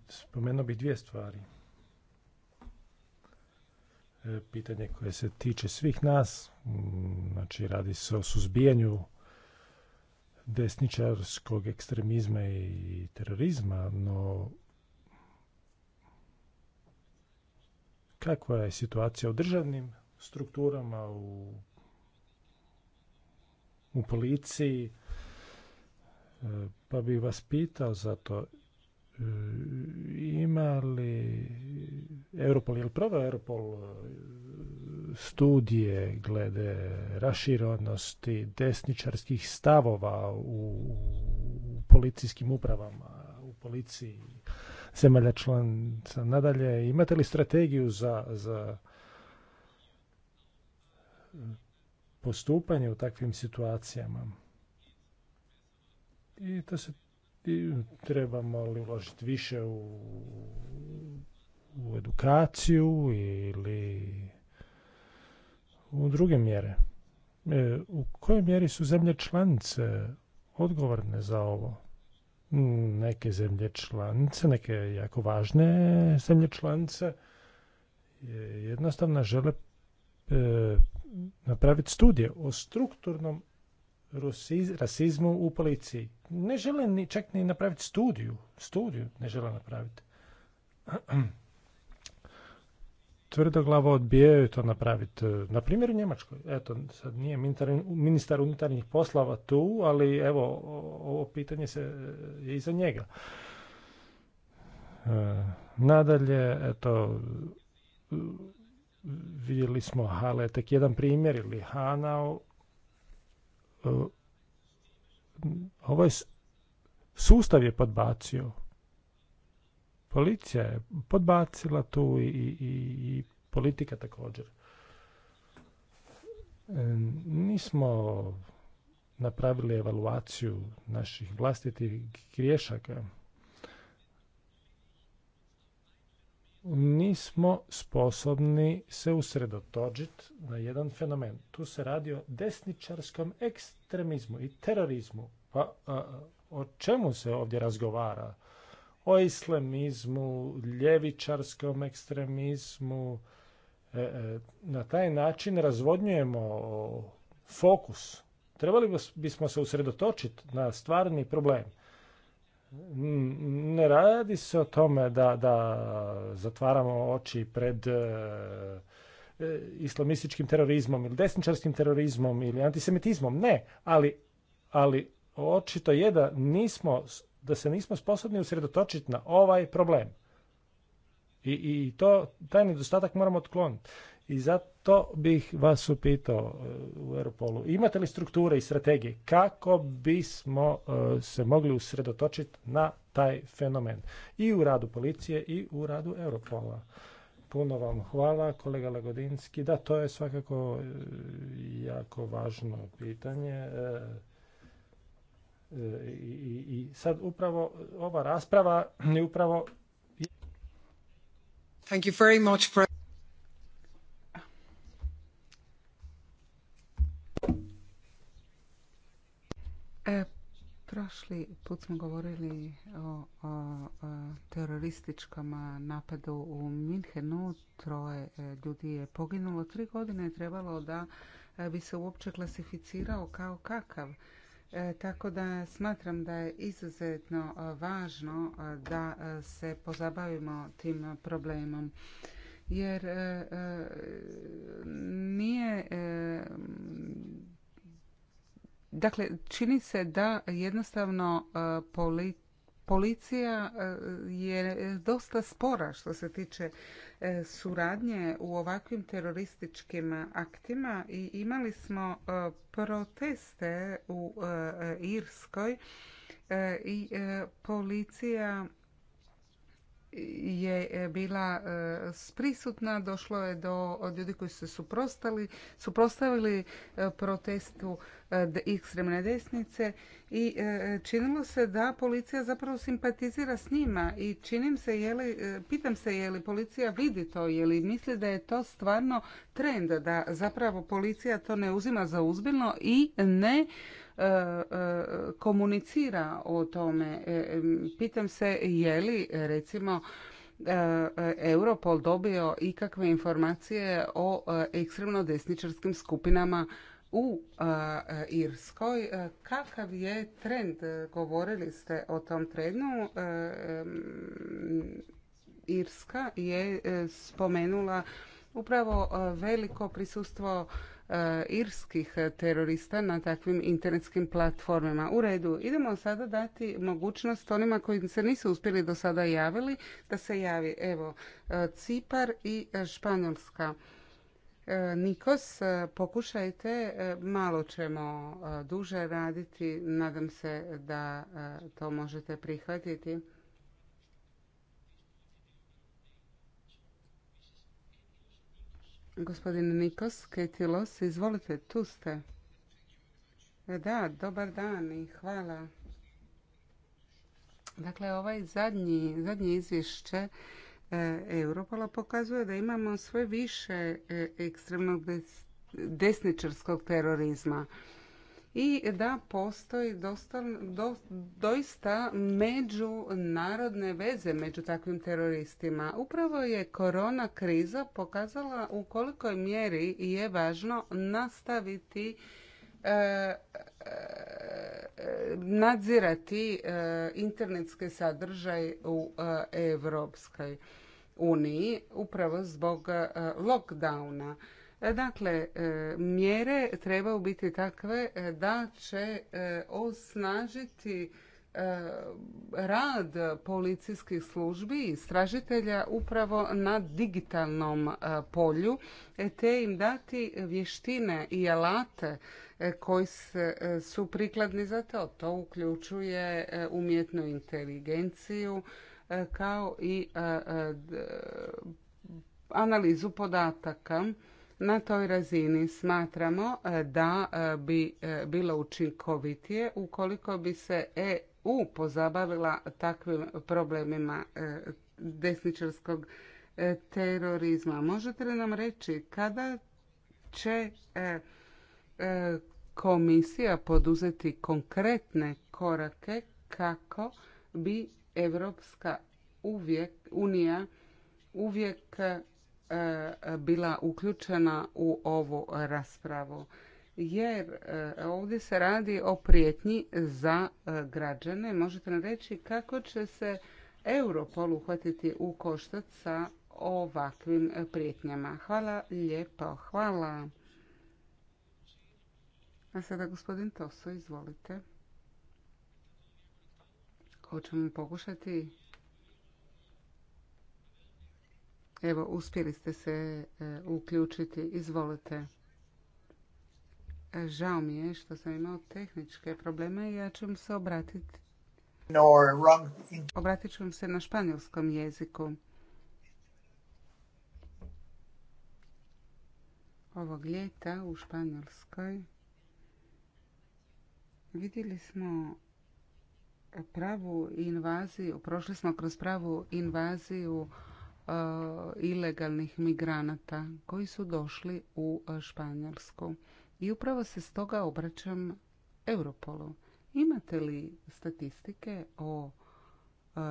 spomenuo bih dvije stvari. E, pitanje koje se tiče svih nas, mm, znači radi se o suzbijanju desničarskog ekstremizma i terorizma, no kakva je situacija u državnim strukturama, u, u policiji, e, pa bih vas pitao zato e, ima li Europol je li proveo Europol e, studije glede raširenosti desničarskih stavova u policijskim upravama, u policiji zemalja članica. Nadalje, imate li strategiju za, za postupanje u takvim situacijama? I to se trebamo li uložiti više u u edukaciju ili u druge mjere. E, u kojoj mjeri su zemlje članice odgovorne za ovo? Neke zemlje članice, neke jako važne zemlje članice, e, jednostavno žele e, napraviti studije o strukturnom rasizmu u policiji. Ne žele ni, čak ni napraviti studiju. Studiju ne žele napraviti. tvrdoglavo odbijaju to napraviti. E, na primjer u Njemačkoj. Eto, sad nije ministar unutarnjih poslova tu, ali evo, ovo pitanje se e, je iza njega. E, nadalje, eto, vidjeli smo ali tek jedan primjer, ili Hanao. ovaj sustav je podbacio policija je podbacila tu i, i, i politika također. E, nismo napravili evaluaciju naših vlastitih griješaka. Nismo sposobni se usredotočiti na jedan fenomen. Tu se radi o desničarskom ekstremizmu i terorizmu. Pa o čemu se ovdje razgovara? o islamizmu, ljevičarskom ekstremizmu. E, e, na taj način razvodnjujemo fokus. Trebali bismo se usredotočiti na stvarni problem. Ne radi se o tome da, da zatvaramo oči pred e, islamističkim terorizmom ili desničarskim terorizmom ili antisemitizmom. Ne, ali, ali očito je da nismo da se nismo sposobni usredotočiti na ovaj problem. I, i to, taj nedostatak moramo otkloniti. I zato bih vas upitao e, u Europolu, imate li strukture i strategije kako bismo e, se mogli usredotočiti na taj fenomen i u radu policije i u radu Europola. Puno vam hvala, kolega Lagodinski. Da, to je svakako e, jako važno pitanje. I, I sad upravo ova rasprava je upravo... Thank you very much. E, prošli put smo govorili o, o, o terorističkom napadu u Minhenu. Troje e, ljudi je poginulo. Tri godine je trebalo da e, bi se uopće klasificirao kao kakav E, tako da smatram da je izuzetno e, važno e, da se pozabavimo tim problemom jer nije dakle čini se da jednostavno policija je dosta spora što se tiče E, suradnje u ovakvim terorističkim aktima i imali smo e, proteste u e, Irskoj i policija je e, bila e, prisutna, došlo je do ljudi koji su se suprostavili e, protestu ekstremne desnice i činilo se da policija zapravo simpatizira s njima i činim se je pitam se je li policija vidi to, je li misli da je to stvarno trend, da zapravo policija to ne uzima za uzbiljno i ne E, e, komunicira o tome. E, pitam se je li recimo Europol dobio ikakve informacije o ekstremno desničarskim skupinama u Irskoj. Kakav je trend? Govorili ste o tom trendu. Irska je spomenula upravo veliko prisustvo E, irskih terorista na takvim internetskim platformama. U redu, idemo sada dati mogućnost onima koji se nisu uspjeli do sada javili da se javi. Evo, e, Cipar i Španjolska. E, Nikos, pokušajte, malo ćemo duže raditi, nadam se da to možete prihvatiti. Gospodin Nikos Ketilos, izvolite, tu ste. Da, dobar dan i hvala. Dakle, ovaj zadnji, izvješće e, Europola pokazuje da imamo sve više e, ekstremnog desničarskog terorizma i da postoji dosta, doista međunarodne veze među takvim teroristima. Upravo je korona kriza pokazala u kolikoj mjeri je važno nastaviti e, e, nadzirati e, internetski sadržaj u Europskoj uniji upravo zbog lockdowna. Dakle, e, mjere trebaju biti takve e, da će e, osnažiti rad policijskih službi i istražitelja upravo na digitalnom polju te im dati vještine i alate koji su prikladni za to. To uključuje umjetnu inteligenciju kao i analizu podataka na toj razini smatramo e, da e, bi e, bilo učinkovitije ukoliko bi se EU pozabavila takvim problemima desničarskog terorizma. Možete li nam reći kada će komisija poduzeti konkretne korake kako bi Evropska unija uvijek E, bila uključena u ovu raspravu jer e, ovdje se radi o prijetnji za e, građane. Možete nam reći kako će se Europol uhvatiti u koštac sa ovakvim prijetnjama. Hvala lijepo. Hvala. A sada gospodin Toso, izvolite. Hoćemo pokušati Evo, uspjeli ste se e, uključiti. Izvolite. E, žao mi je što sam imao tehničke probleme i ja ću vam se obratiti. Obratit ću se na španjolskom jeziku. Ovog ljeta u Španjolskoj vidjeli smo pravu invaziju, prošli smo kroz pravu invaziju E, ilegalnih migranata koji su došli u e, Španjolsku. I upravo se stoga obraćam Europolu. Imate li statistike o e,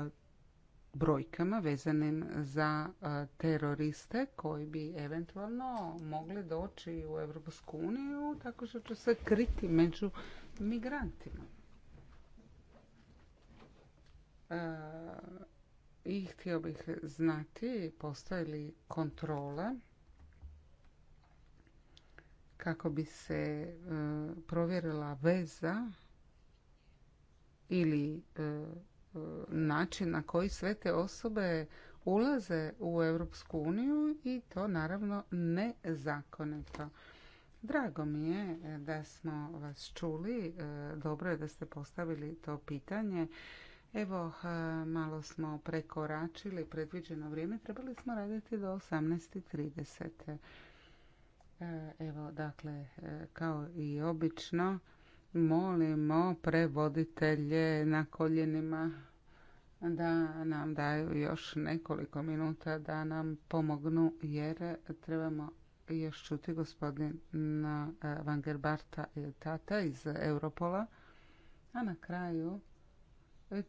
brojkama vezanim za teroriste koji bi eventualno mogli doći u Europsku uniju tako što će se kriti među migrantima i htio bih znati postoje li kontrola kako bi se e, provjerila veza ili e, način na koji sve te osobe ulaze u Europsku uniju i to naravno nezakonito. Drago mi je e, da smo vas čuli, dobro je da ste postavili to pitanje Evo, eh, malo smo prekoračili predviđeno vrijeme. Trebali smo raditi do 18.30. Eh, evo, dakle, eh, kao i obično, molimo prevoditelje na koljenima da nam daju još nekoliko minuta da nam pomognu jer trebamo još čuti gospodina Vangerbarta Tata iz Europola. A na kraju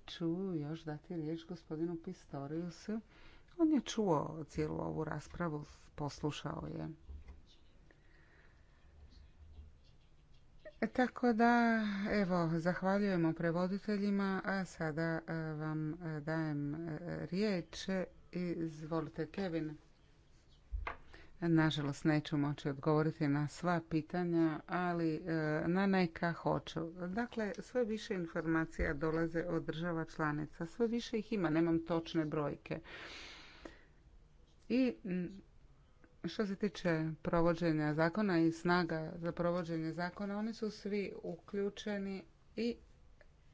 ću još dati riječ gospodinu Pistoriusu. On je čuo cijelu ovu raspravu, poslušao je. Tako da, evo, zahvaljujemo prevoditeljima, a sada eh, vam eh, dajem eh, riječ. Izvolite, Kevin. Nažalost, neću moći odgovoriti na sva pitanja, ali e, na neka hoću. Dakle, sve više informacija dolaze od država članica. Sve više ih ima, nemam točne brojke. I što se tiče provođenja zakona i snaga za provođenje zakona, oni su svi uključeni i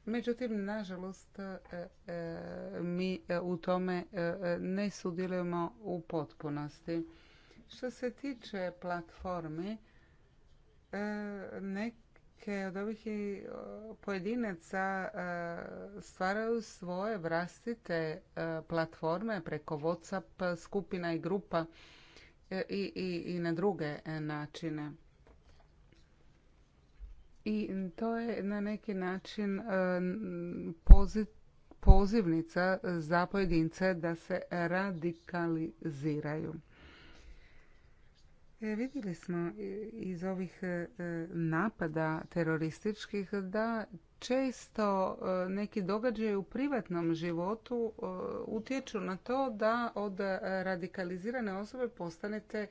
Međutim, nažalost, e, e, mi u tome ne sudjelujemo u potpunosti. Što se tiče platformi, e, neke od ovih pojedinaca e, stvaraju svoje vrastite e, platforme preko Whatsapp skupina i grupa i, i na druge načine. I to je na neki način pozivnica za pojedince da se radikaliziraju. E, vidjeli smo iz ovih e, napada terorističkih da često e, neki događaj u privatnom životu utječu na to da od radikalizirane osobe postanete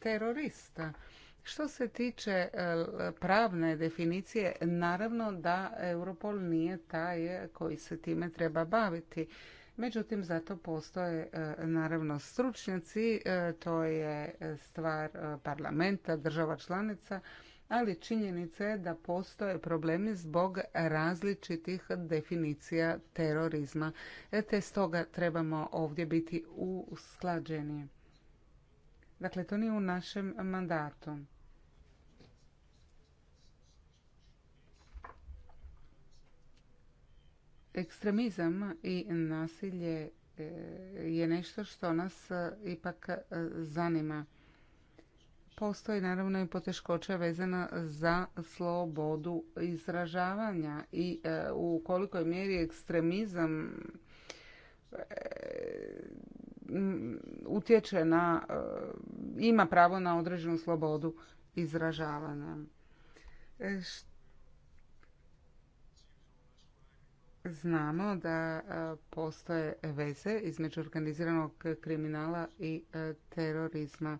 terorista. Što se tiče pravne definicije, naravno da Europol nije taj koji se time treba baviti. Međutim, zato postoje e, naravno stručnjaci, e, to je stvar e, parlamenta, država članica, ali činjenica je da postoje problemi zbog različitih definicija terorizma. Te stoga trebamo ovdje biti usklađeni. Dakle, to nije u našem mandatu. Ekstremizam i nasilje e, je nešto što nas e, ipak e, zanima. Postoji naravno i poteškoća vezana za slobodu izražavanja i u kolikoj mjeri ekstremizam utječe na, ima pravo na određenu slobodu izražavanja. znamo da e, postoje veze između organiziranog kriminala i e, terorizma.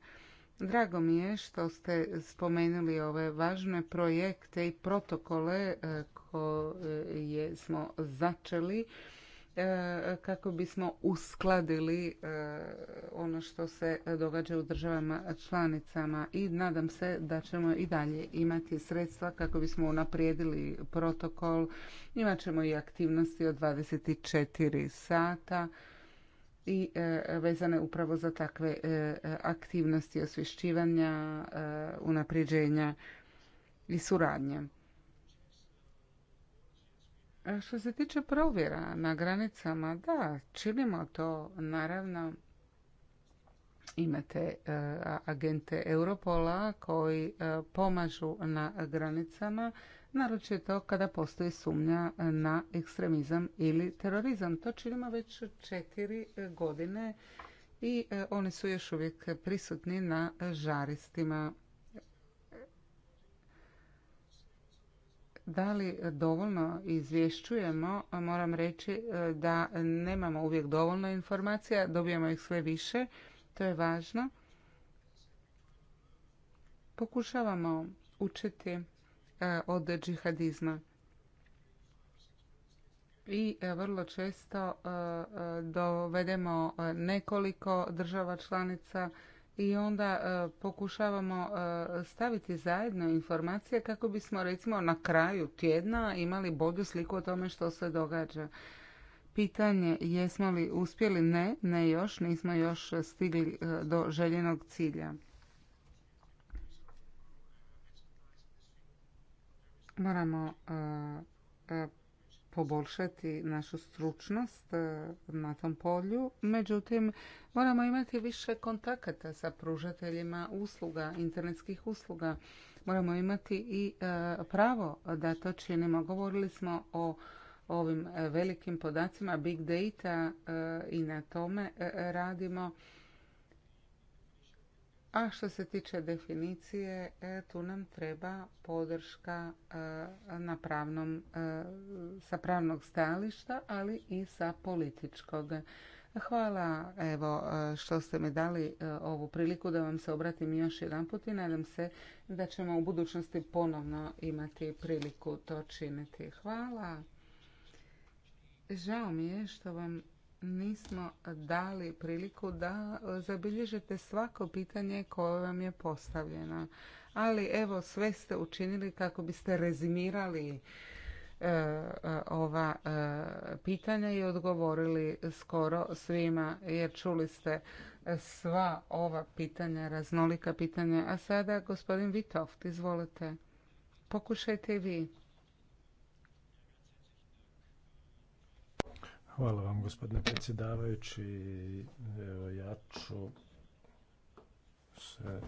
Drago mi je što ste spomenuli ove važne projekte i protokole e, koje smo začeli E, kako bismo uskladili e, ono što se događa u državama članicama i nadam se da ćemo i dalje imati sredstva kako bismo unaprijedili protokol. Imat ćemo i aktivnosti od 24 sata i e, vezane upravo za takve aktivnosti osvješćivanja, unapređenja i suradnje. Što se tiče provjera na granicama, da, činimo to naravno. Imate e, agente Europola koji e, pomažu na granicama, naročito kada postoji sumnja na ekstremizam ili terorizam. To činimo već četiri godine i e, oni su još uvijek prisutni na žaristima da li dovoljno izvješćujemo, moram reći e, da nemamo uvijek dovoljno informacija, dobijemo ih sve više, to je važno. Pokušavamo učiti e, od džihadizma. I e, vrlo često dovedemo nekoliko država članica i onda e, pokušavamo e, staviti zajedno informacije kako bismo recimo na kraju tjedna imali bolju sliku o tome što se događa. Pitanje jesmo li uspjeli? Ne, ne još, nismo još stigli e, do željenog cilja. Moramo poboljšati našu stručnost e, na tom polju. Međutim, moramo imati više kontakata sa pružateljima usluga, internetskih usluga. Moramo imati i e, pravo da to činimo. Govorili smo o ovim e, velikim podacima, big data i na tome radimo. A što se tiče definicije, e, tu nam treba podrška e, na pravnom, e, sa pravnog stajališta, ali i sa političkog. Hvala evo što ste mi dali ovu priliku da vam se obratim još jedanput i nadam se da ćemo u budućnosti ponovno imati priliku to činiti. Hvala. Žao mi je što vam nismo dali priliku da zabilježite svako pitanje koje vam je postavljeno. Ali evo sve ste učinili kako biste rezimirali e, e, ova e, pitanja i odgovorili skoro svima jer čuli ste sva ova pitanja, raznolika pitanja. A sada gospodin Vitoft, izvolite. Pokušajte vi. Hvala vam gospodine predsjedavajući. Evo, ja ću se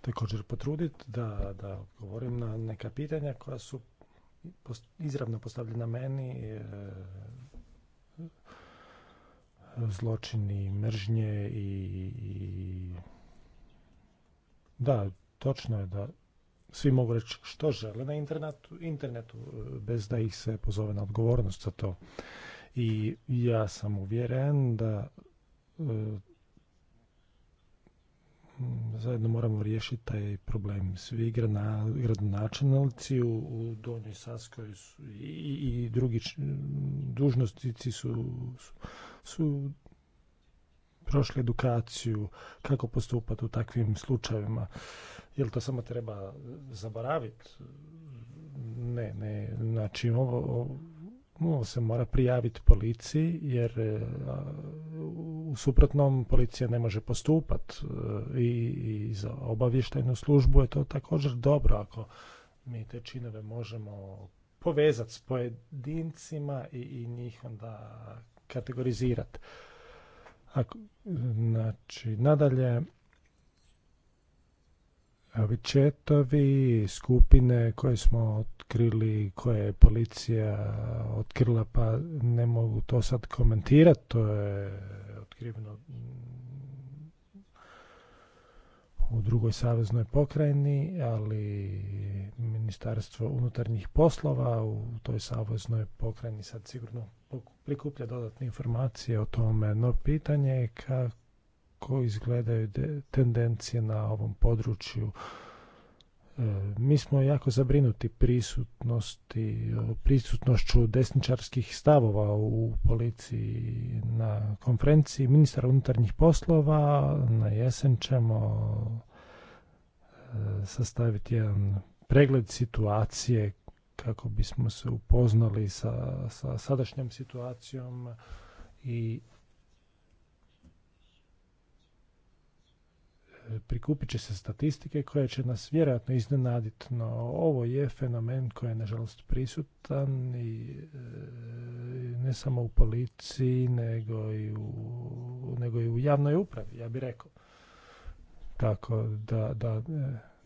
također potruditi da, da govorim na neka pitanja koja su izravno postavljena meni. E, zločini, mržnje i, Da, točno je da svi mogu reći što žele na internetu, internetu e, bez da ih se pozove na odgovornost za to i ja sam uvjeren da e, zajedno moramo riješiti taj problem. Svi gradonačelnici u, u Donjoj Saskoj su, i, i drugi dužnostici su, su, prošli edukaciju kako postupati u takvim slučajevima. Jel to samo treba zaboraviti? Ne, ne. Znači, ovo on se mora prijaviti policiji jer e, u suprotnom policija ne može postupat e, i za obavještajnu službu je to također dobro ako mi te činove možemo povezati s pojedincima i, njih onda kategorizirati. znači, nadalje, četovi, skupine koje smo otkrili, koje je policija otkrila, pa ne mogu to sad komentirati, to je otkriveno u drugoj saveznoj pokrajini, ali Ministarstvo unutarnjih poslova u toj saveznoj pokrajini sad sigurno prikuplja dodatne informacije o tome. No pitanje je kako kako izgledaju tendencije na ovom području. E, mi smo jako zabrinuti prisutnosti, prisutnošću desničarskih stavova u policiji na konferenciji ministra unutarnjih poslova. Na jesen ćemo e, sastaviti jedan pregled situacije kako bismo se upoznali sa, sa sadašnjom situacijom i prikupit će se statistike koje će nas vjerojatno iznenaditi, no ovo je fenomen koji je nažalost prisutan i e, ne samo u policiji, nego i u, nego i u javnoj upravi, ja bih rekao. Tako da, da e,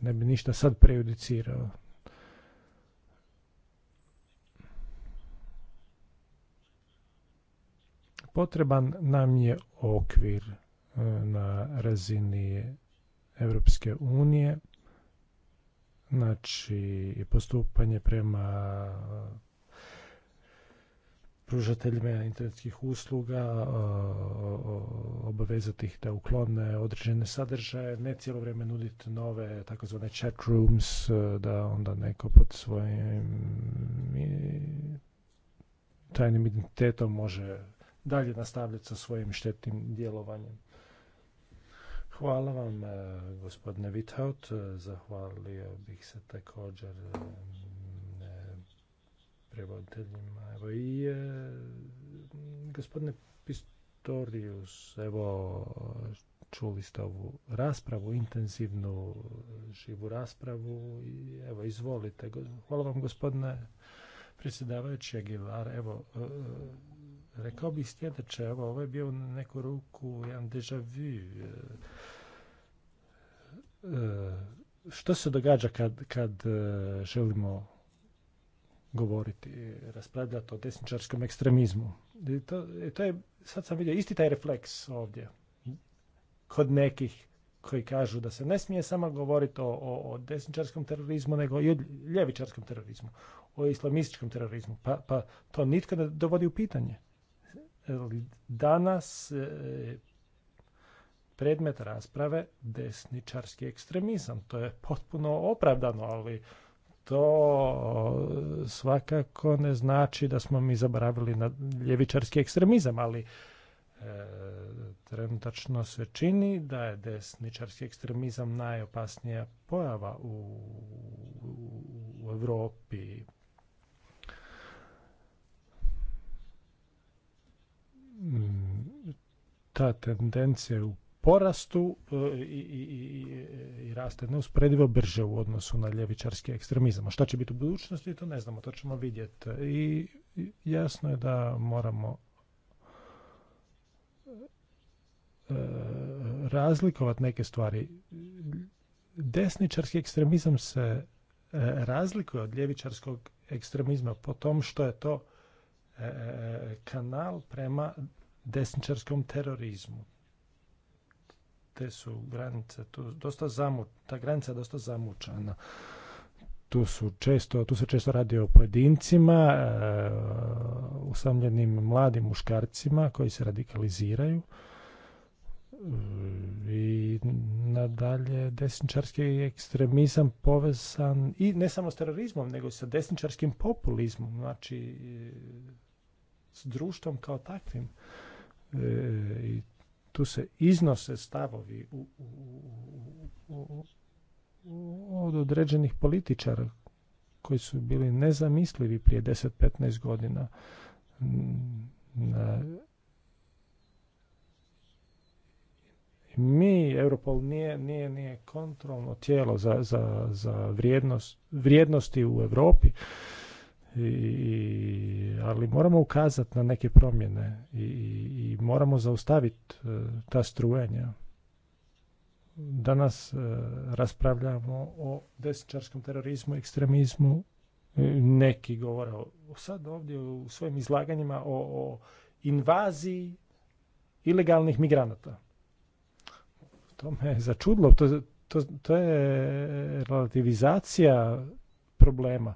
ne bi ništa sad prejudicirao. Potreban nam je okvir e, na razini Evropske unije, znači postupanje prema uh, pružateljima internetskih usluga, uh, obavezati ih da uklone određene sadržaje, ne cijelo vrijeme nuditi nove takozvane chat rooms, uh, da onda neko pod svojim tajnim identitetom može dalje nastavljati sa svojim štetnim djelovanjem. Hvala vam, e, gospodine Vithaut. E, zahvalio bih se također e, prevoditeljima. Evo i gospodine Pistorius, evo čuli ste ovu raspravu, intenzivnu živu raspravu i evo izvolite. Hvala vam gospodine predsjedavajući Aguilar. Evo Rekao bih sljedeće, evo, ovo je bio neku ruku jedan deja vu. E, e, što se događa kad, e, želimo govoriti, raspravljati o desničarskom ekstremizmu? to, je, sad sam vidio, isti taj refleks ovdje. Kod nekih koji kažu da se ne smije samo govoriti o, desničarskom terorizmu, nego i o ljevičarskom terorizmu, o islamističkom terorizmu. Pa, pa to nitko ne dovodi u pitanje. Danas e, predmet rasprave desničarski ekstremizam. To je potpuno opravdano, ali to e, svakako ne znači da smo mi zaboravili na ljevičarski ekstremizam, ali E, trenutačno se čini da je desničarski ekstremizam najopasnija pojava u, u, u Europi ta tendencija u porastu e, i, i, i, i raste neusporedivo brže u odnosu na ljevičarski ekstremizam. A šta će biti u budućnosti, to ne znamo, to ćemo vidjeti. I jasno je da moramo e, razlikovati neke stvari. Desničarski ekstremizam se e, razlikuje od ljevičarskog ekstremizma po tom što je to kanal prema desničarskom terorizmu. Te su granice tu dosta zamu, ta granica je dosta zamučana. Tu, su često, tu se često radi o pojedincima, e, usamljenim mladim muškarcima koji se radikaliziraju e, i nadalje desničarski ekstremizam povezan i ne samo s terorizmom, nego i sa desničarskim populizmom, znači e, s društvom kao takvim. E, i tu se iznose stavovi u, u, u, od određenih političara koji su bili nezamislivi prije 10-15 godina. Mi, Europol nije, nije, nije kontrolno tijelo za, za, za vrijednost, vrijednosti u Europi i, ali moramo ukazati na neke promjene i, i moramo zaustaviti e, ta strujenja Danas e, raspravljamo o desničarskom terorizmu, ekstremizmu. E, neki govore sad ovdje u svojim izlaganjima o, invaziji ilegalnih migranata. To me začudilo. To, to, to je relativizacija problema.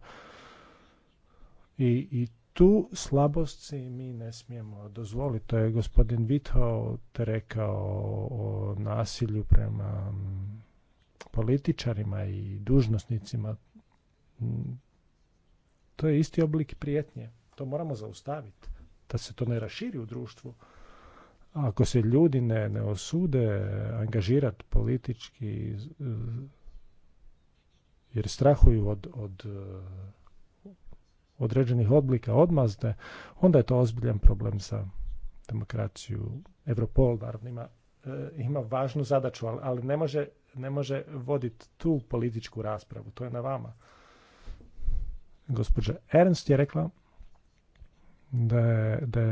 I, i tu slabost mi ne smijemo dozvoliti. To je gospodin te rekao o, o nasilju prema političarima i dužnosnicima. Mm, to je isti oblik prijetnje. To moramo zaustaviti. Da se to ne raširi u društvu. Ako se ljudi ne, ne osude angažirati politički e, jer strahuju od, od određenih oblika odmazde, onda je to ozbiljan problem za demokraciju. Europol naravno ima, eh, ima važnu zadaću, ali, ne može, ne može voditi tu političku raspravu. To je na vama. Gospođa Ernst je rekla da, da,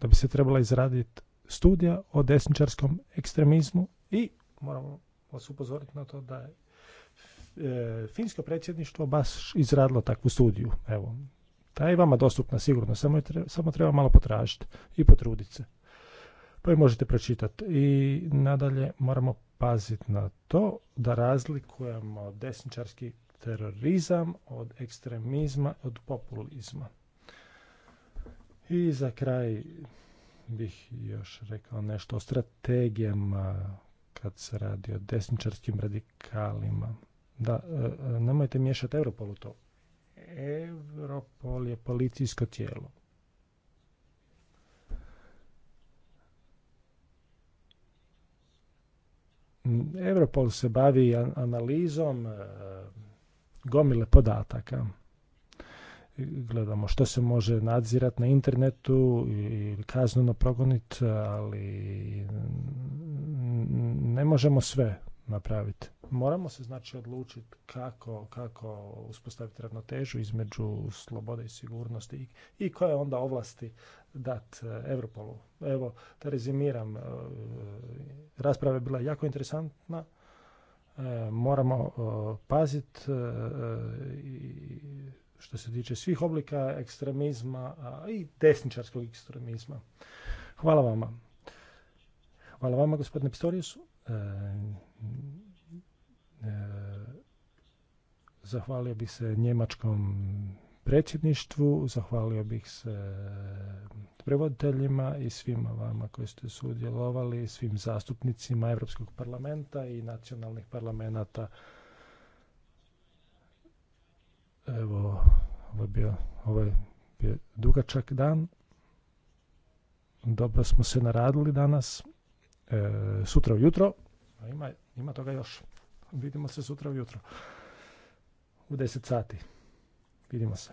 da bi se trebala izraditi studija o desničarskom ekstremizmu i moramo vas upozoriti na to da je e, finsko predsjedništvo baš izradilo takvu studiju. Evo, ta je vama dostupna sigurno, samo, treba, samo treba malo potražiti i potruditi se. Pa možete pročitati. I nadalje moramo paziti na to da razlikujemo desničarski terorizam od ekstremizma, od populizma. I za kraj bih još rekao nešto o strategijama kad se radi o desničarskim radikalima. Da, e, e, nemojte miješati Europol u to. Europol je policijsko tijelo. Europol se bavi analizom e, gomile podataka. Gledamo što se može nadzirati na internetu i kazneno progoniti, ali ne možemo sve napraviti. Moramo se znači odlučiti kako, kako uspostaviti ravnotežu između slobode i sigurnosti i, koje onda ovlasti dat e, Europolu. Evo, da rezimiram, e, rasprava je bila jako interesantna, e, moramo paziti što se tiče svih oblika ekstremizma i desničarskog ekstremizma. Hvala vama. Hvala vama, gospodine Pstorisu. E, zahvalio bih se njemačkom predsjedništvu, zahvalio bih se prevoditeljima i svima vama koji ste sudjelovali, svim zastupnicima Europskog parlamenta i nacionalnih parlamenta. Evo, ovo je bio, dugačak dan. Dobro smo se naradili danas. E, sutra ujutro ima ima toga još. Vidimo se sutra ujutro. U 10 sati. Vidimo se.